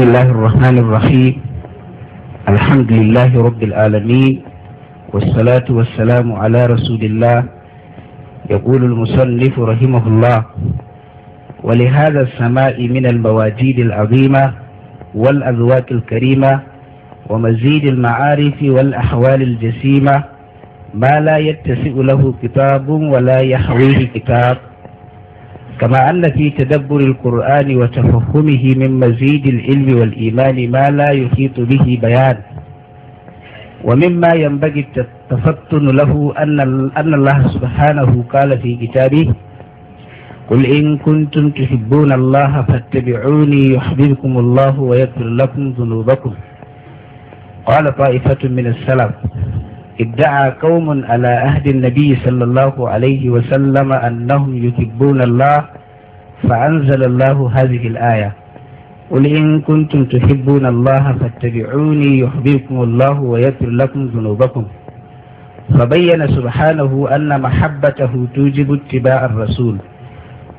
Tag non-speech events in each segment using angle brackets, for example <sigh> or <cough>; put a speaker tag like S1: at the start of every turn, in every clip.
S1: بسم الله الرحمن الرحيم الحمد لله رب العالمين والصلاة والسلام على رسول الله يقول المصنف رحمه الله ولهذا السماء من المواجيد العظيمة والأذواق الكريمة ومزيد المعارف والأحوال الجسيمة ما لا يتسع له كتاب ولا يحويه كتاب كما أن في تدبر القرآن وتفهمه من مزيد العلم والإيمان ما لا يحيط به بيان ومما ينبغي التفطن له أن أن الله سبحانه قال في كتابه قل إن كنتم تحبون الله فاتبعوني يحببكم الله ويغفر لكم ذنوبكم قال طائفة من السلف ادعى قوم على عهد النبي صلى الله عليه وسلم أنهم يحبون الله فأنزل الله هذه الآية قل إن كنتم تحبون الله فاتبعوني يحببكم الله ويغفر لكم ذنوبكم فبين سبحانه أن محبته توجب اتباع الرسول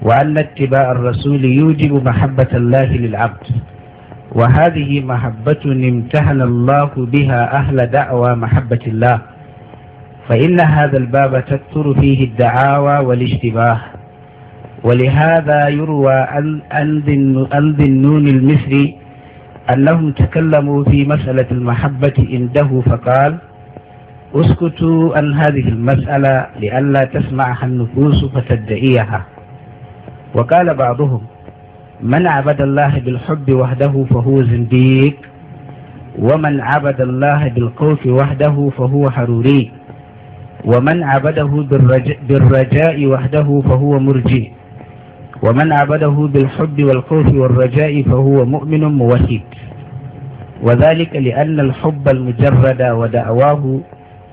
S1: وأن اتباع الرسول يوجب محبة الله للعبد وهذه محبة امتهن الله بها أهل دعوى محبة الله فإن هذا الباب تكثر فيه الدعاوى والاشتباه ولهذا يروى عن ذي النون المصري أنهم تكلموا في مسألة المحبة عنده فقال اسكتوا عن هذه المسألة لئلا تسمعها النفوس فتدعيها وقال بعضهم من عبد الله بالحب وحده فهو زنديق ومن عبد الله بالخوف وحده فهو حروري ومن عبده بالرجاء وحده فهو مرجئ ومن عبده بالحب والخوف والرجاء فهو مؤمن موحد وذلك لأن الحب المجرد ودعواه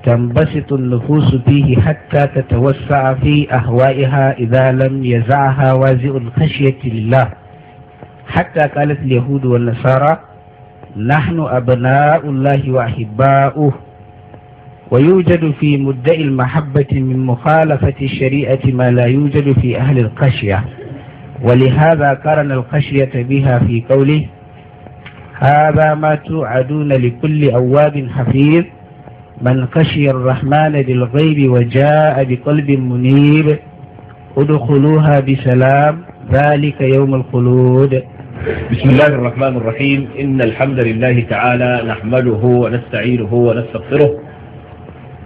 S1: تنبسط النفوس فيه حتى تتوسع في أهوائها إذا لم يزعها وازع الخشية لله حتى قالت اليهود والنصارى نحن أبناء الله وأحباؤه ويوجد في مدعي المحبة من مخالفة الشريعة ما لا يوجد في أهل الخشية ولهذا قرن الخشية بها في قوله هذا ما توعدون لكل أواب حفيظ من خشي الرحمن بالغيب وجاء بقلب منيب ادخلوها بسلام ذلك يوم الخلود بسم الله
S2: الرحمن الرحيم إن الحمد لله تعالى نحمده ونستعينه ونستغفره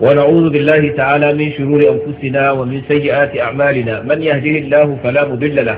S2: ونعوذ بالله تعالى من شرور أنفسنا ومن سيئات أعمالنا من يهده الله فلا مضل له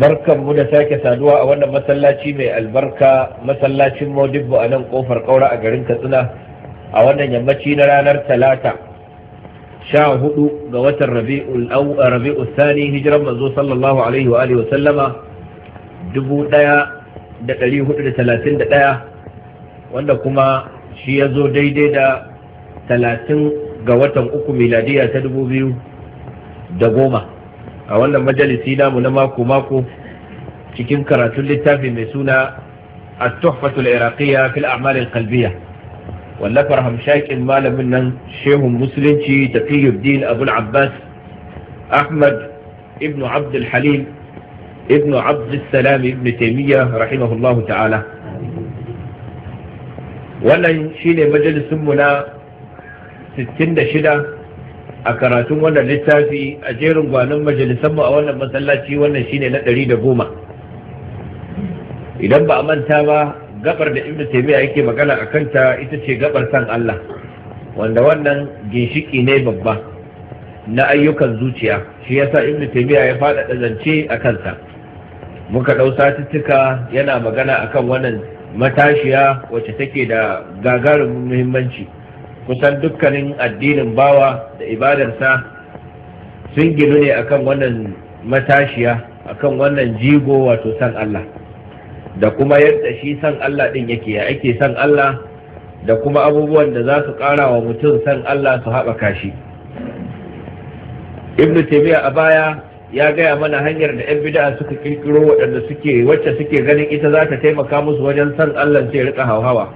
S2: barkan mu da sake saduwa a wannan masallaci mai albarka masallacin modibbo a nan kofar kaura a garin katsina a wannan yammaci na ranar talata sha hudu ga watan rabi'u eh, sani hijiran manzo sallallahu alaihi wa alihi dubu daya da dari hudu da talatin da daya wanda kuma shi ya zo daidai da talatin ga watan uku miladiya ta dubu biyu da goma a wannan majalisi namu na mako mako cikin karatun littafi mai suna at-tuhfatul iraqiyya fil a'mal al-qalbiyya wallafar hamshakin malamin nan shehun musulunci taqiyuddin abul abbas ahmad ibn abd halim ibn abd salam ibn taymiyyah rahimahullahu ta'ala wannan shine majalisin mu na 66 a karatun wannan littafi a jerin gwanon mu a wannan masallaci wannan shine na ɗari da goma idan ba a manta ba gabar da ibnu taymiya yake magana a kanta ita ce gabar san Allah wanda wannan ginshiki ne babba na ayyukan zuciya shi yasa ibnu taymiya ya faɗaɗa zance a kansa muka ɗau satuttuka yana magana akan wannan matashiya wacce take da gagarumin muhimmanci kusan dukkanin addinin bawa da ibadarsa sun ginu ne akan wannan matashiya akan wannan jigo wato san Allah da kuma yadda shi san Allah din yake ya ake san Allah da kuma abubuwan da za su ƙara wa mutum san Allah su haɓaka shi Ibn taymiya a baya ya gaya mana hanyar da 'yan bid'a suka kirkiro waɗanda suke wacce suke ganin ita za ta taimaka musu wajen san Allah sai rika hauhawa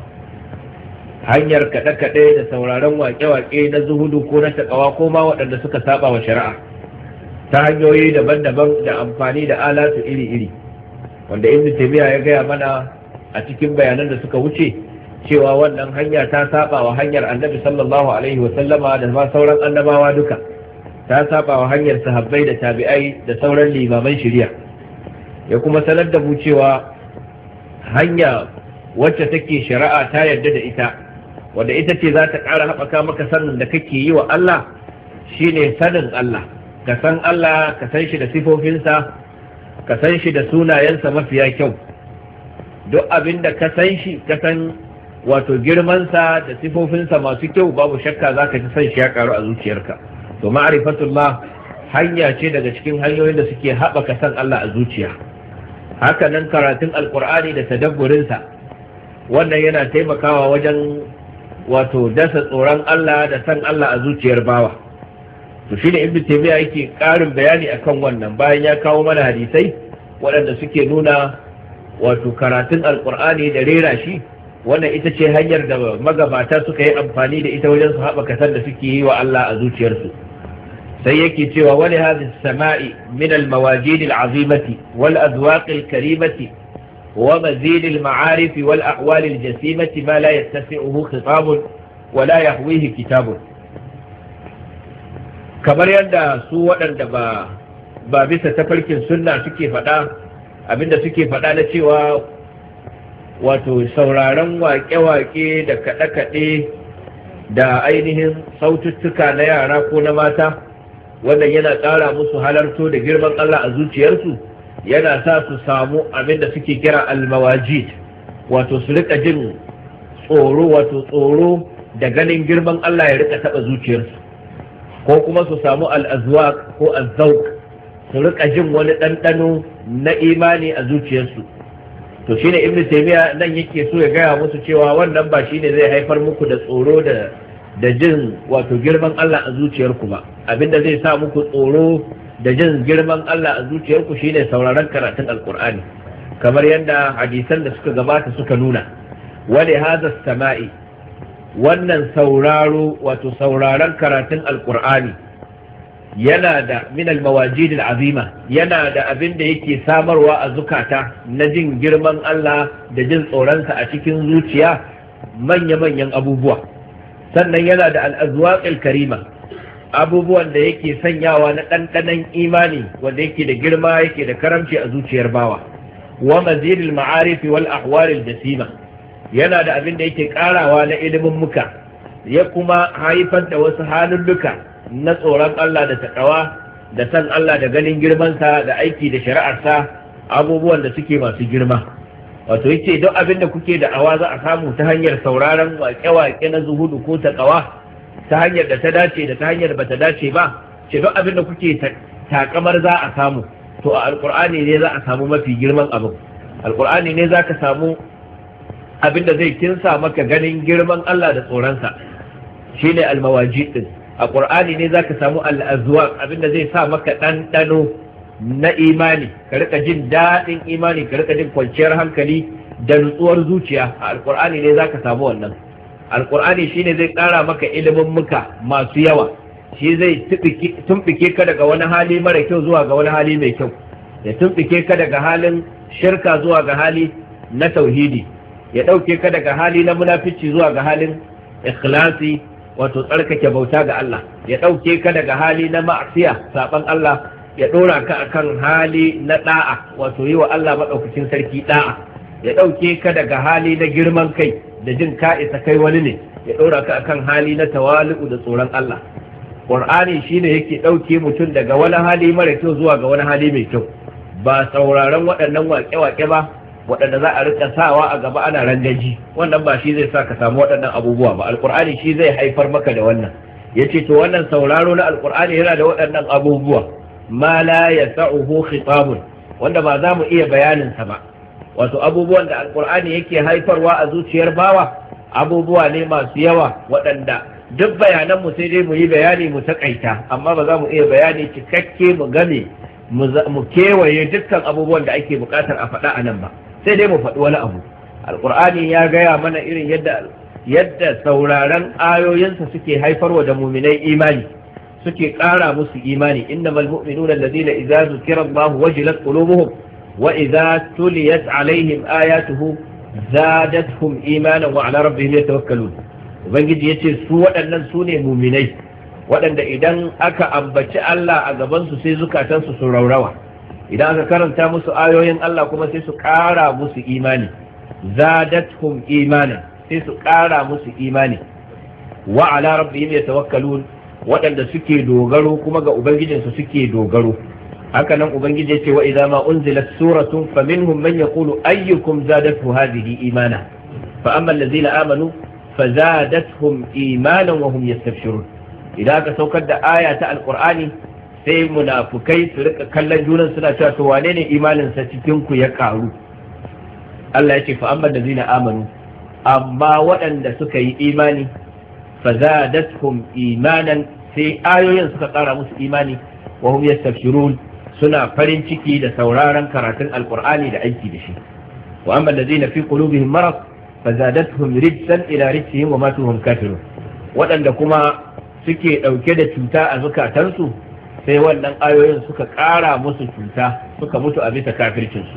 S2: hanyar kaɗe-kaɗe da sauraron waƙe-waƙe na zuhudu ko na taƙawa ko ma waɗanda suka saba wa shari'a ta hanyoyi daban-daban da amfani da alatu iri-iri wanda inda taymiya ya gaya mana a cikin bayanan da suka wuce cewa wannan hanya ta saba wa hanyar annabi sallallahu alaihi wa da ma sauran annabawa duka ta saba wa hanyar sahabbai da tabi'ai da sauran limaman shirya ya kuma sanar da mu cewa hanya wacce take shari'a ta yarda da ita wanda ita ce za ta ƙara haɓaka maka sanin da kake yi wa Allah shine sanin Allah ka san Allah ka san shi da sifofinsa ka san shi da sunayensa mafiya kyau duk abin da ka san shi ka san wato girmansa da sifofinsa masu kyau babu shakka za ka ji san shi ya ƙaru a zuciyarka to ma'arifatullah hanya ce daga cikin hanyoyin da suke haɓaka san Allah a zuciya haka nan karatun alkur'ani da tadabburinsa wannan yana taimakawa wajen wato dasa tsoron Allah da san Allah a zuciyar bawa to shi ne ibnu taymiya yake karin bayani akan wannan bayan ya kawo mana hadisai waɗanda suke nuna wato karatun Alƙur'ani da rera shi wannan ita ce hanyar da magabata suka yi amfani da ita wajen su haɓaka san da suke yi wa Allah a zuciyarsu sai yake cewa wani hadis sama'i min al-mawajid al-azimati wal azwaq al-karimati ومزيد المعارف والأحوال الجسيمة ما لا يتسعه خطاب ولا يهويه كتاب kamar yadda su waɗanda ba ba bisa tafarkin sunna suke faɗa abinda suke faɗa na cewa wato sauraron waƙe-waƙe da kaɗe-kaɗe da ainihin saututtuka na yara ko na mata wannan yana ƙara musu halarto da girman Allah a zuciyarsu yana sa su samu abin da suke kira almawajid wato su rika jin tsoro wato tsoro da ganin girman Allah ya rika taba zuciyarsu ko kuma su samu al'azwaq ko azzauk su rika jin wani ɗanɗano na imani a zuciyarsu to shine ibn taymiya nan yake so ya gaya musu cewa wannan ba shine zai haifar muku da tsoro da da jin wato girman Allah a zuciyarku ba abinda zai sa muku tsoro da jin girman Allah a zuciyarku shine sauraron karatun alkur'ani kamar yadda hadisan da suka gabata suka nuna wale haza sama'i wannan sauraro wato sauraron karatun alkur'ani yana da minal mawajid azima yana da abin da yake samarwa a zukata na jin girman Allah da jin tsoronsa a cikin zuciya manya-manyan abubuwa sannan yana da al'azwaƙil karima abubuwan da yake sanyawa na ɗanɗanon imani wanda yake da girma yake da karamci a zuciyar bawa wa maziril ma'arifi wal ahwalil dasima yana da abin da yake karawa na ilimin muka ya kuma haifar da wasu halulluka na tsoron Allah da taƙawa da san Allah da ganin girmansa da aiki da shari'arsa abubuwan da suke masu girma wato yace duk abin da kuke da awa za a samu ta hanyar sauraron waƙe-waƙe na zuhudu ko takawa ta hanyar da ta dace da ta hanyar ba ta dace ba ce duk abin da kuke takamar za a samu to a alkur'ani ne za a samu mafi girman abin alkur'ani ne za ka samu abin da zai kinsa maka ganin girman Allah da tsoronsa ne almawaji din a qur'ani ne za ka samu al'azuwa abin da zai sa maka ɗanɗano na imani ka rika jin daɗin imani ka rika jin kwanciyar hankali da nutsuwar zuciya a alkur'ani ne ka samu wannan alkur'ani shine zai ƙara maka ilimin muka masu yawa shi zai tumbike ka daga wani hali mara kyau zuwa ga wani hali mai kyau ya tumbike ka daga halin shirka zuwa ga hali na tauhidi ya ɗauke ka daga hali na munafici zuwa ga halin ikhlasi wato tsarkake bauta ga Allah ya ɗauke ka daga hali na ma'asiya saban Allah ya ɗora ka akan hali na ɗa'a wato yi wa Allah madaukakin sarki ɗa'a ya ɗauke ka daga hali na girman kai da jin ka isa kai wani ne ya ɗora ka akan hali na tawali'u da tsoron Allah qur'ani shine yake ɗauke mutum daga wani hali mara kyau zuwa ga wani hali mai kyau ba sauraron waɗannan waƙe-waƙe ba waɗanda za a rika sawa a gaba ana rangaji wannan ba shi zai sa ka samu waɗannan abubuwa ba alƙur'ani shi zai haifar maka da wannan ya ce to wannan sauraro na alƙur'ani yana da waɗannan abubuwa ma la ya sa'uhu khitabun wanda ba za mu iya bayaninsa ba wato abubuwan da alkur'ani yake haifarwa a zuciyar bawa abubuwa ne masu yawa waɗanda duk bayananmu sai dai mu yi bayani mu taƙaita amma ba za mu iya bayani cikakke mu game mu kewaye dukkan abubuwan da ake buƙatar a faɗa a nan ba sai dai mu faɗi wani abu alkur'ani ya gaya mana irin yadda yadda sauraron ayoyinsa suke haifarwa da muminai imani suke ƙara musu imani innamal mu'minuna allazina idza zukira Allahu wajilat qulubuhum وإذا تليت عليهم آياته زادتهم إيمانا وعلى ربهم يتوكلون ubangiji ya ce su waɗannan su ne muminai waɗanda idan aka ambaci Allah a gabansu sai zukatansu su raurawa idan aka karanta musu ayoyin Allah kuma sai su ƙara musu imani zadathum imanin sai su ƙara musu imani wa ala rabbihim waɗanda suke dogaro kuma ga ubangijinsu suke dogaro haka nan ubangiji ce wa idza ma unzilat suratun faminhum man yaqulu ayyukum zadatu hadhihi imana fa amma allazina amanu fazadatuhum imanan wa hum yastabshirun idan aka saukar da aya ta alqur'ani sai munafukai su rika kallon junan suna cewa to wane ne imanin sa cikin ku ya karu Allah ya ce fa amma allazina amanu amma waɗanda suka yi imani fazadatuhum imanan sai ayoyin suka kara musu imani wa hum yastabshirun suna farin ciki da sauraron karatun alkur'ani da aiki da shi wa amma allazina fi qulubihim marad fazadatuhum rijsan ila rijsihim wa matuhum kafirun waɗanda kuma suke ɗauke da cuta a zukatansu sai wannan ayoyin suka ƙara musu cuta suka mutu a bisa kafircinsu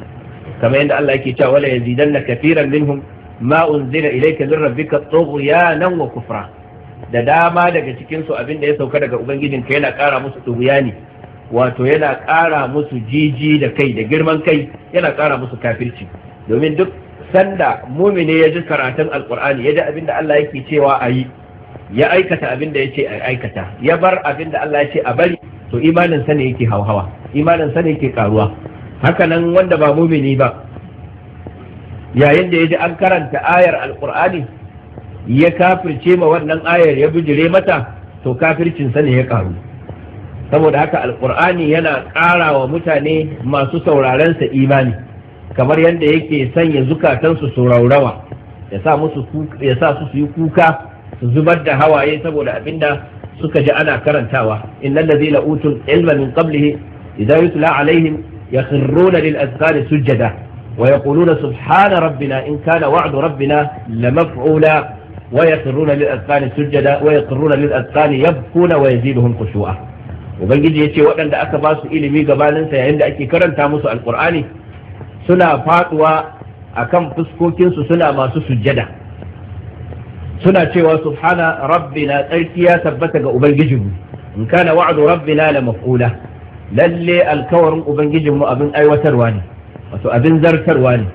S2: kamar yadda Allah yake cewa wala yazidanna kafiran minhum ma unzila ilayka min rabbika tughyanan wa kufra da dama daga cikin su abin da ya sauka daga ubangijinka yana ƙara musu tughyani wato yana ƙara musu jiji da kai da girman kai yana ƙara musu kafirci domin duk sanda mumine ya ji karatun alkur'ani ya ji abin da Allah yake cewa a yi ya aikata abin da ya ce a aikata ya bar abin da Allah ya ce a bari to imanin sa ne yake hauhawa imanin sa ne yake karuwa haka nan wanda ba mumini ba yayin da ya ji an karanta ayar alkur'ani ya kafirce ma wannan ayar ya bijire mata to kafircin sa ne ya karu saboda haka alkur'ani yana ƙara wa mutane masu saurarensa imani kamar yadda yake sanya zukatansu su raurawa ya sa ya su yi kuka su zubar da hawaye saboda abinda suka ji ana karantawa innal ladzina utul ilma min qablihi idza yutla alaihim yakhruna lil azqani sujada wa yaquluna subhana rabbina in kana wa'du rabbina lamaf'ula ويقرون للأذقان سجدا ويقرون للأذقان يبكون ويزيدهم خشوعا ubangiji ya ce waɗanda aka ba su ilimi gabaninsa yayin da ake karanta musu alkur'ani suna faduwa akan fuskokinsu suna masu sujjada suna cewa subhana rabbina tsarki ya tabbata ga ubangijinmu in kana wa'du rabbina la maf'ula lalle alkawarin ubangijinmu abin aiwatarwa ne wato abin zartarwa ne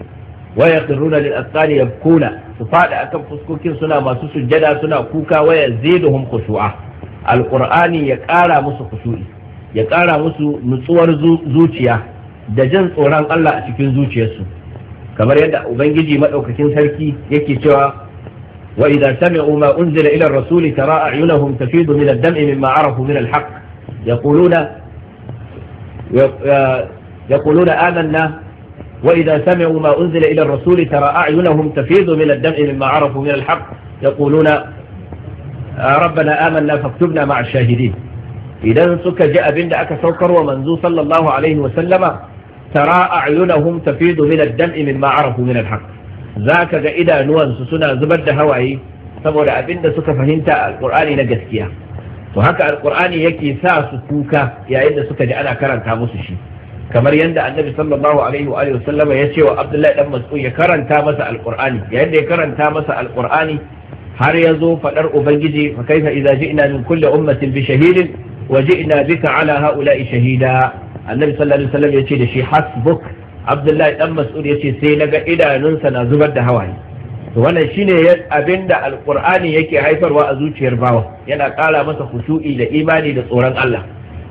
S2: wa yaqirruna lil asqali yabkuna su fada akan fuskokin suna masu sujjada suna kuka waya ziduhum khushu'a alqur'ani ya ƙara musu kusuri ya ƙara musu nutsuwar zuciya da jin tsoron Allah a cikin zuciyarsu kamar yadda ubangiji madaukakin sarki yake cewa wa idza sami'u ma unzila ila ar-rasul tara a'yunahum tafidu min ad-dam'i mimma arafu min al-haqq yaquluna يقولون آمنا وإذا سمعوا ما أنزل tara الرسول ترى أعينهم تفيض dam'i الدمع مما min من الحق يقولون Ah, rabbana amanna faktubna ma'a shahidin idan suka ji abin da aka saukar wa manzo sallallahu alaihi wa sallama tara a'yunahum tafidu min ad-dam'i mimma arafu min al-haqq zaka ga idanuwansu suna zubar da hawaye saboda abin da suka fahimta a na gaskiya to haka alqur'ani yake sa su kuka yayin da suka ji ana karanta musu shi kamar yadda annabi sallallahu alaihi wa sallama ya ce wa abdullahi dan mas'ud ya karanta masa alqur'ani yayin da ya karanta masa alqur'ani har ya zo faɗar ubangiji fa fa'iza ji ji'na min kulli ummatin bi shahidin wa ji'na bika ala haula'i shahida annabi sallallahu alaihi wasallam yace da shi hasbuk abdullahi dan mas'ud yace sai naga idanunsa na zubar da hawaye to wannan shine abinda alqur'ani yake haifarwa a zuciyar bawa yana ƙara masa khushu'i da imani da tsoron Allah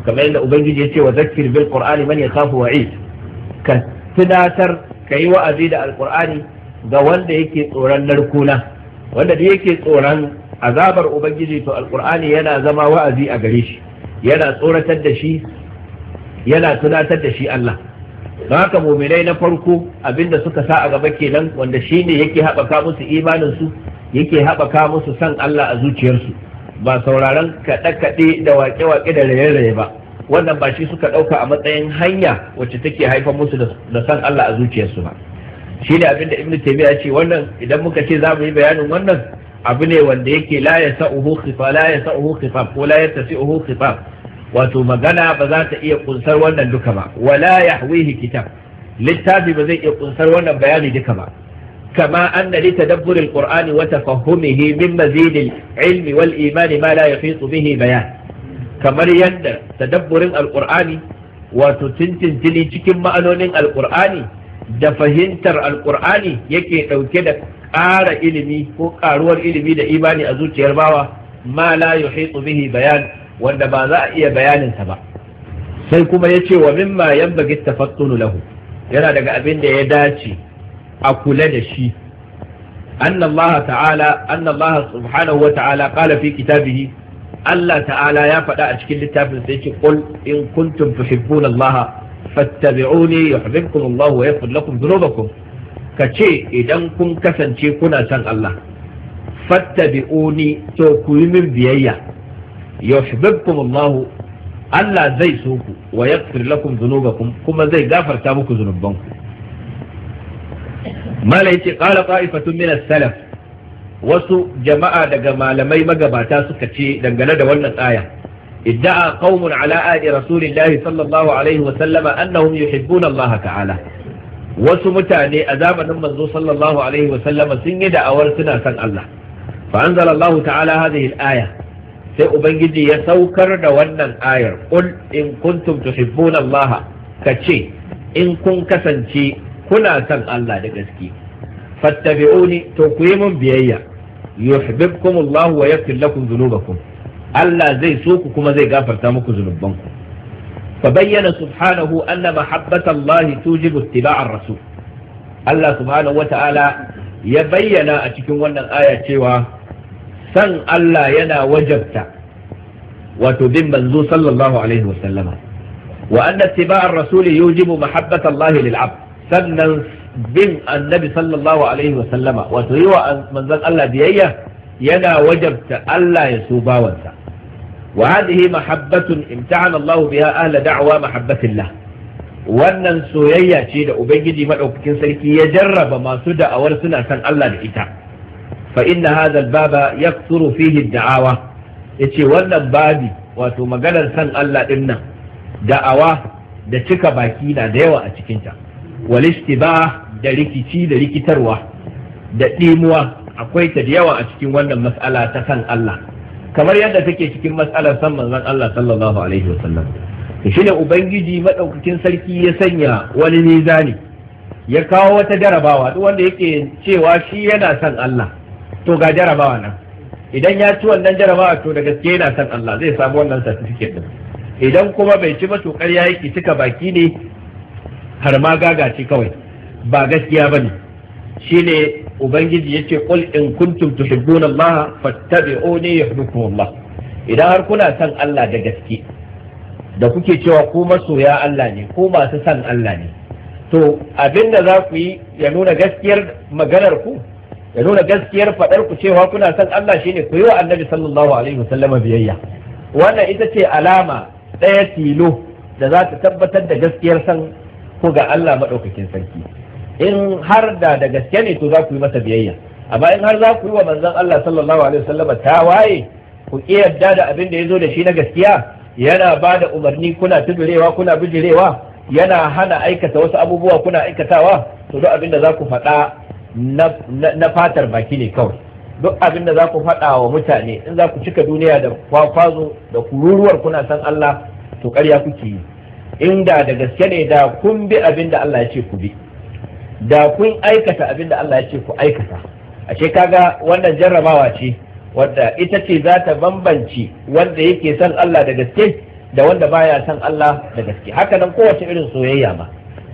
S2: kamar yadda ubangiji yace wa zakkir bil qur'ani man yakhafu wa'id ka tunatar kai wa'azi da alqur'ani ga wanda yake tsoron narkuna wanda da yake tsoron azabar ubangiji to alkur'ani yana zama wa'azi a gare shi yana tsoratar da shi yana tunatar da shi Allah don haka muminai na farko abinda suka sa a gaba kenan wanda shine yake haɓaka musu imanin su yake haɓaka musu san Allah a zuciyarsu ba sauraron kaɗe-kaɗe da waƙe-waƙe da raye-raye ba wannan ba shi suka ɗauka a matsayin hanya wacce take haifar musu da san Allah a zuciyarsu ba shine abinda ibn taymiya ce wannan idan muka ce za mu yi bayanin wannan abu ne wanda yake la ya sa'uhu khifa la ya sa'uhu khifa ko la ya tasi'uhu khifa wato magana ba za ta iya kunsar wannan duka ba wala yahwihi kitab littafi ba zai iya kunsar wannan bayani duka ba kama anna li tadabbur alqur'ani wa tafahumihi min mazid ilmi wal iman ma la yahitu bihi bayan kamar yadda tadabburin alqur'ani wato tintintini cikin ma'anonin alqur'ani da fahimtar alkur'ani yake ɗauke da ƙara ilimi ko ƙaruwar ilimi da imani a zuciyar bawa ma la yuhitu bihi bayan wanda ba za a iya bayaninsa ba sai kuma ya ce wa mimma yanbaghi tafattunu lahu yana daga abin da ya dace a kula da shi أن الله wa ta'ala الله سبحانه وتعالى قال في كتابه الله تعالى يا فدا أشكل لتافل قل إن كنتم تحبون fattabi'uni yuhibbukum Allah wa yaghfir lakum dhunubakum kace idan kun kasance kuna san Allah fattabi'uni to ku yi min biyayya yuhibbukum Allah Allah zai so ku wa yaghfir lakum dhunubakum kuma zai gafarta muku zunubanku mala yace qala qa'ifatun min as-salaf wasu jama'a daga malamai magabata suka ce dangane da wannan tsaya. ادعى قوم على آل رسول الله صلى الله عليه وسلم أنهم يحبون الله تعالى wasu mutane a zamanin manzo sallallahu alaihi wa sallama sun yi da'awar suna san Allah fa anzala ta'ala hadhihi al-aya sai ubangiji ya saukar da wannan ayar qul in kuntum tuhibbuna Allah kace in kun kasance kuna san Allah da gaske fattabi'uni to ku yi mun biyayya yuhibbukum Allah wa yaghfir lakum dhunubakum Allah zai so ku kuma zai gafarta muku zunubanku fa bayyana subhanahu anna mahabbata Allah tujibu ittiba'ar rasul Allah subhanahu wata'ala ya bayyana a cikin wannan aya cewa san Allah yana wajabta wato bin manzo sallallahu alaihi wasallama wa anna ittiba'ar rasul yujibu mahabbata Allah lil 'abd sannan bin annabi sallallahu alaihi wasallama wato yiwa wa manzon Allah biyayya yana wajabta Allah ya so bawansa wa hadhihi mahabbatun imtahana Allah biha ahla da'wa mahabbatillah wannan soyayya ce da ubangiji madaukakin sarki ya jarraba masu da'awar suna san Allah da ita fa inna hadha al-baba yakthuru fihi ad-da'awa yace wannan babi wato maganar san Allah din nan da'awa da cika baki na da yawa a cikinta wal da rikici da rikitarwa da ɗimuwa akwai ta da yawa a cikin wannan mas'ala ta kan Allah kamar yadda take cikin mas'alar san manzon Allah sallallahu alaihi wasallam ne ubangiji madaukakin sarki ya sanya wani mizani ya kawo wata jarabawa duk wanda yake cewa shi yana san Allah to ga jarabawa nan idan ya ci wannan jarabawa to da gaske yana san Allah zai samu wannan certificate din idan kuma bai ci ba to ƙarya yake cika baki ne har ma gagace kawai ba gaskiya bane ne. ubangiji yace qul in kuntum tuhibbuna Allah fattabi'uni yuhibbukum Allah idan har kuna san Allah da gaske da kuke cewa ku masoya Allah ne ko masu san Allah ne to abinda za ku yi ya nuna gaskiyar maganar ku ya nuna gaskiyar faɗar ku cewa kuna san Allah shine ku yi wa Annabi sallallahu alaihi wasallam biyayya wannan ita ce alama ɗaya tilo da za ta tabbatar da gaskiyar san ku ga Allah madaukakin sarki in har da da gaske ne to za ku yi masa biyayya amma in har za ku yi wa manzon Allah sallallahu alaihi wasallama tawaye ku ki yarda da abin da ya zo da shi na gaskiya yana ba da umarni kuna tudurewa kuna bijirewa yana hana aikata wasu abubuwa kuna aikatawa to duk abin da za ku faɗa na fatar baki ne kawai duk abin da za ku faɗa wa mutane in za ku cika duniya da kwakwazo da kururuwar kuna san Allah to ƙarya kuke yi inda da gaske ne da kun bi abin da Allah ya ce ku bi da kun aikata abin da Allah ya ce ku aikata ashe kaga wannan jarrabawa ce wadda ita ce za ta bambanci wanda yake son Allah da gaske da wanda baya son Allah da gaske haka nan kowace irin soyayya ma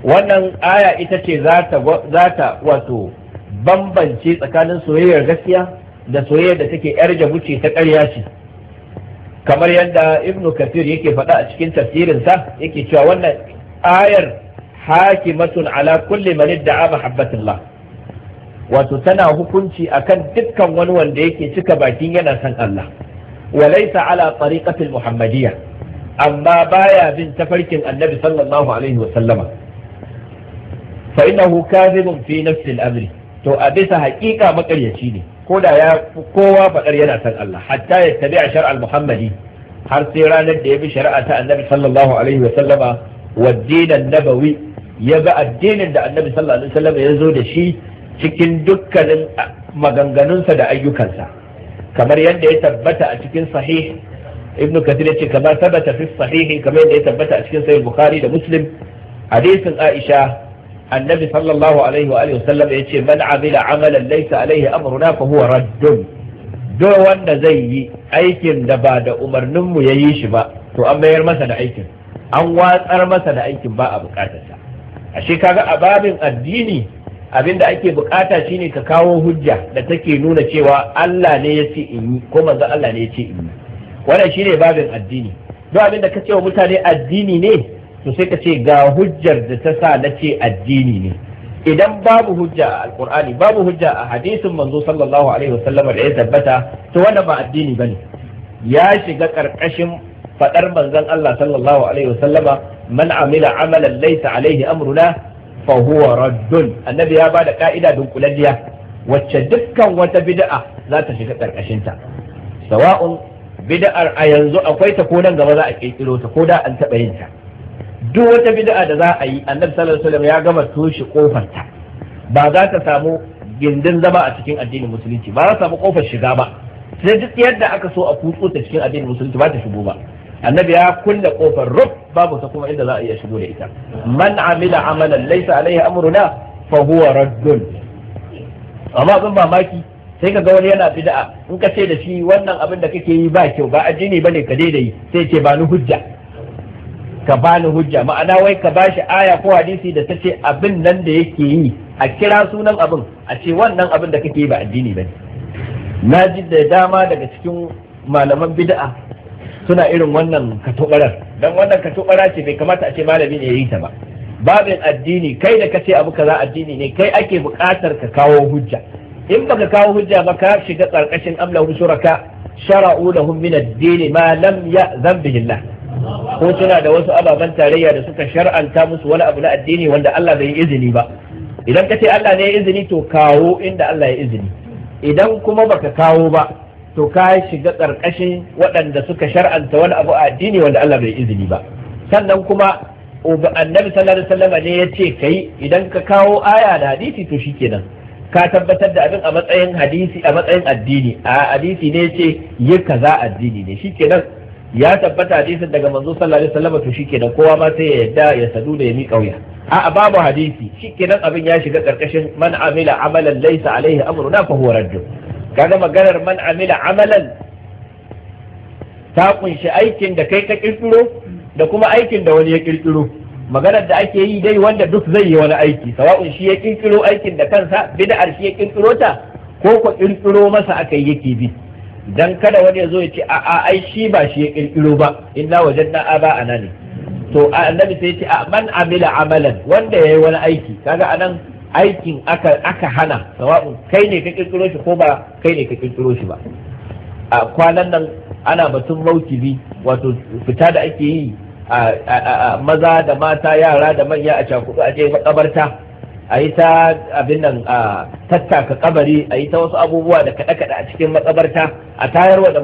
S2: wannan aya ita ce za ta wato bambance tsakanin soyayyar gaskiya da soyayyar da take yar jabuce ta ƙarya ce kamar yadda ibnu kafir yake faɗa a cikin tafsirinsa yake cewa wannan ayar hakimatun ala kulli man idda'a mahabbatillah wato tana hukunci akan dukkan wani wanda yake cika bakin yana san Allah walaysa ala tariqatil muhammadiyya amma baya bin tafarkin annabi sallallahu alaihi wa sallama fa innahu kadhibun fi nafsi al-amri to a bisa haƙiƙa makaryaci ne ko da ya kowa faɗar yana san Allah hatta ya a shari'ar muhammadi har sai ranar da ya bi shari'a ta annabi sallallahu alaihi wa sallama والدين النبوي ya ga addinin da annabi sallallahu alaihi wasallam ya zo da shi cikin dukkanin maganganunsa da ayyukansa kamar yadda ya tabbata a cikin sahih ibnu kathir ya ce kama tabbata fi sahih kamar yadda ya tabbata a cikin sahih bukhari da muslim hadisin aisha annabi sallallahu alaihi wa alihi wasallam ya ce man amila amalan laysa alaihi amruna fa huwa raddun do wanda zai yi aikin da ba da umarninmu ya yi shi ba to an mayar masa da aikin an watsar masa da aikin ba a bukatarsa ashe kaga a babin addini abin da ake bukata shine ka kawo hujja da take nuna cewa Allah ne ya ce in yi ko manzo Allah ne ya ce in yi wannan shine babin addini duk abin da ka ce wa mutane addini ne to sai ka ce ga hujjar da ta sa na ce addini ne idan babu hujja a Alƙur'ani, babu hujja a hadisin manzo sallallahu alaihi wasallam da ya tabbata to wannan ba addini bane ya shiga karkashin Faɗar manzon Allah sallallahu alaihi wasallama man alaihi amruna fa huwa raddun annabi ya da ka'ida dunkulalliya wacce dukkan wata bid'a za ta shiga karkashin ta sawa'un bid'ar a yanzu akwai ta ko nan gaba za a kirkiro ta ko da an taba yin ta duk wata bid'a da za a yi annabi sallallahu alaihi ya gama toshe kofar ba za ta samu gindin zama a cikin addinin musulunci ba za ta samu kofar shiga ba sai duk yadda aka so a kutso ta cikin addinin musulunci ba ta shigo ba annabi ya kulle kofar ruf babu ta kuma inda za a iya shigo da ita man amila amalan laysa alaihi amruna fa huwa raddun amma abin mamaki sai ka ga wani yana bid'a in ka ce da shi wannan abin da kake yi ba kyau ba addini bane ka daidai sai ce ba ni hujja ka ba ni hujja ma'ana wai ka bashi aya ko hadisi da ta abin nan da yake yi a kira sunan abin a ce wannan abin da kake yi ba addini ba ne na ji da dama daga cikin malaman bid'a suna irin wannan katubarar dan wannan katobara ce bai kamata a ce malami ne ya yi ta ba babin addini kai da kace abu kaza addini ne kai ake buƙatar ka kawo hujja in baka kawo hujja ba ka shiga karkashin amlahum shuraka shara'u lahum min ad dini ma lam ya'zan bihi ko suna da wasu ababen tarayya da suka shar'anta musu wani abu na addini wanda Allah bai izini ba idan kace Allah ne ya izini to kawo inda Allah ya izini idan kuma baka kawo ba to ka shiga ƙarƙashin waɗanda suka shar'anta wani abu a addini wanda Allah bai izini ba sannan kuma annabi sallallahu alaihi wasallam ne ya ce kai idan ka kawo aya da hadisi to shikenan ka tabbatar da abin a matsayin hadisi a matsayin addini a hadisi ne ce yi kaza addini ne shikenan ya tabbata hadisin daga manzo sallallahu alaihi wasallam to shikenan kowa ma sai ya yadda ya sadu da ya mi wuya a babu hadisi shikenan abin ya shiga karkashin man amila amalan laysa alaihi amruna fa huwa raddun kaga maganar man amila amalan ta kunshi aikin da kai ka kirkiro da kuma aikin da wani ya kirkiro maganar da ake yi dai wanda duk zai yi wani aiki sawa'un shi ya kirkiro aikin da kansa bid'ar shi ya kirkiro ta ko ko kirkiro masa akai yake bi dan kada wani ya zo ya ce a a ai shi ba shi ya kirkiro ba inna wajadna aba anani ne to annabi sai ya ce man amila amalan wanda yayi wani aiki kaga anan aikin aka hana sawa'un kai ne ka kirkiro shi ko ba kai ne ka kirkiro shi ba a kwanan nan ana batun maukibi wato fita da ake yi a maza da mata yara da manya a cakudu a je makabarta a yi ta abin nan a tattaka kabari a yi ta wasu abubuwa da kaɗe-kaɗe a cikin makabarta a tayarwa da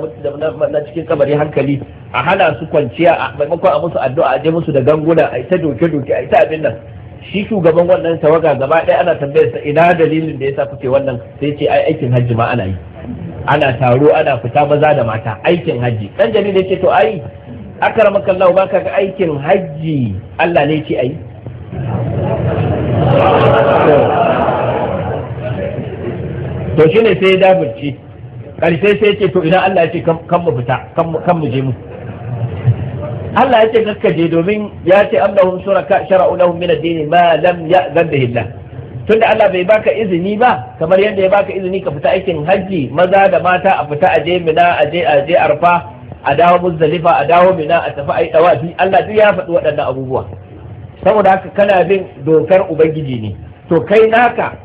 S2: na cikin kabari hankali a hana su kwanciya a maimakon a musu addu'a a je musu da ganguna a yi ta doke-doke a yi ta abin nan shi shugaban wannan tawaga gaba ɗaya ana tambayar sa ina dalilin da yasa kuke wannan sai ce ai aikin hajji ma ana yi ana taro ana fita maza da mata aikin hajji dan Jami ne ce to ai akramaka Allah baka ga aikin hajji Allah ne ce ai to shine sai ya daburci karshe sai ce to idan Allah ya ce kan mu fita kan mu je mu Allah ya ce je domin ya ce Allahum shuraka shara'u lahum min ad ma lam ya'zan bihi Allah tunda Allah bai baka izini ba kamar yadda ya baka izini ka fita aikin hajji maza da mata a fita aje mina aje aje arfa a dawo muzdalifa a dawo mina a tafi ai dawafi Allah duk ya faɗi waɗannan abubuwa saboda haka kana bin dokar ubangiji ne to kai naka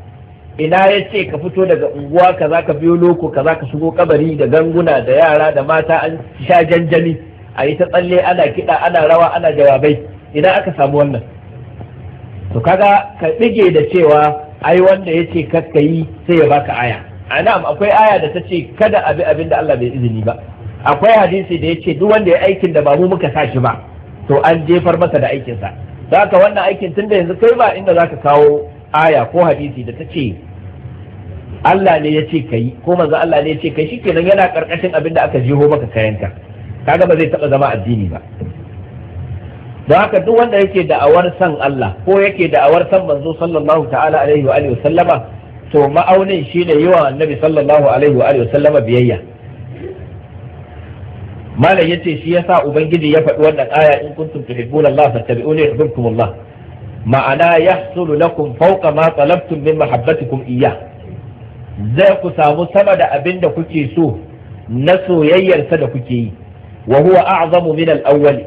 S2: ina ya ce ka fito daga unguwa kaza ka biyo loko kaza ka shigo kabari da ganguna da yara da mata an sha janjani? a yi ta tsalle ana kiɗa ana rawa ana jawabai idan aka samu wannan to kaga ka ɗige da cewa ai wanda ya ce kakka yi sai ya baka aya a na'am akwai aya da ta ce kada abi abin da Allah bai izini ba akwai hadisi da ya ce duk wanda ya aikin da ba mu muka sa shi ba to an jefar masa da aikinsa za ka wannan aikin tun da yanzu kai ba inda za ka kawo aya ko hadisi da ta ce Allah ne ya ce ka yi ko manzo Allah ne ya ce kai shikenan yana karkashin abin da aka jiho maka kayanka kaga ba zai taba zama addini ba don haka duk wanda yake da'awar san Allah ko yake da'awar san manzo sallallahu ta'ala alaihi wa alihi sallama to ma'aunin shine yawa annabi sallallahu alaihi wa alihi sallama biyayya malam yace shi yasa ubangiji ya faɗi wannan aya in kuntum tuhibbuna Allah fattabi'uni yuhibbukum Allah ma'ana yahsulu lakum fawqa ma talabtum min mahabbatikum iyyah zai ku samu sama da abin da kuke so na soyayyarsa da kuke yi wa huwa a'zamu min al-awwal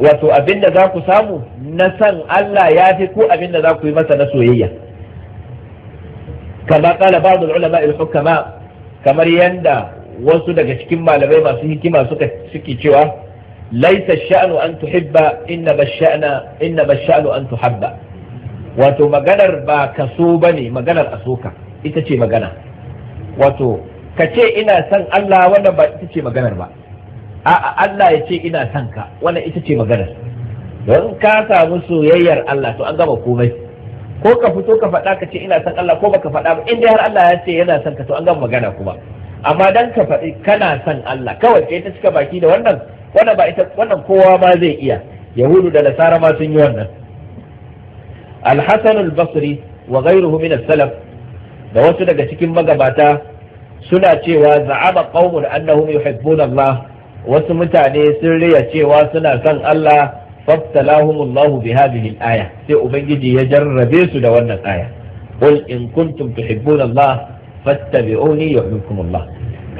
S2: wato abinda za ku samu na san Allah ya fi ko abinda za ku yi masa na soyayya kama kala al-ulama al-hukama kamar yanda wasu daga cikin malamai masu hikima suka suke cewa laisa sha'nu an tuhibba inna bashana inna bashanu an tuhabba wato maganar ba kaso bane maganar asoka ita ce magana wato ka ce ina son Allah wannan ba ita ce maganar ba a'a Allah ya ce ina son ka wannan ita ce maganar don ka samu soyayyar Allah to an gama komai ko ka fito ka faɗa ka ce ina son Allah ko baka faɗa ba in dai har Allah ya ce yana son ka to an gama magana kuma amma dan ka faɗi kana son Allah kawai kai ta cika baki da wannan wannan ba ita wannan kowa ma zai iya yahudu da nasara ma sun yi wannan al-hasan al-basri wa ghayruhu min as-salaf da wasu daga cikin magabata suna cewa za'aba qaumun annahum yuhibbuna Allah wasu mutane sun riya cewa suna son Allah fabtalahum Allah bi hadhihi al-aya sai ubangiji ya jarrabe su da wannan aya qul in kuntum tuhibbuna Allah fattabi'uni yuhibbukum Allah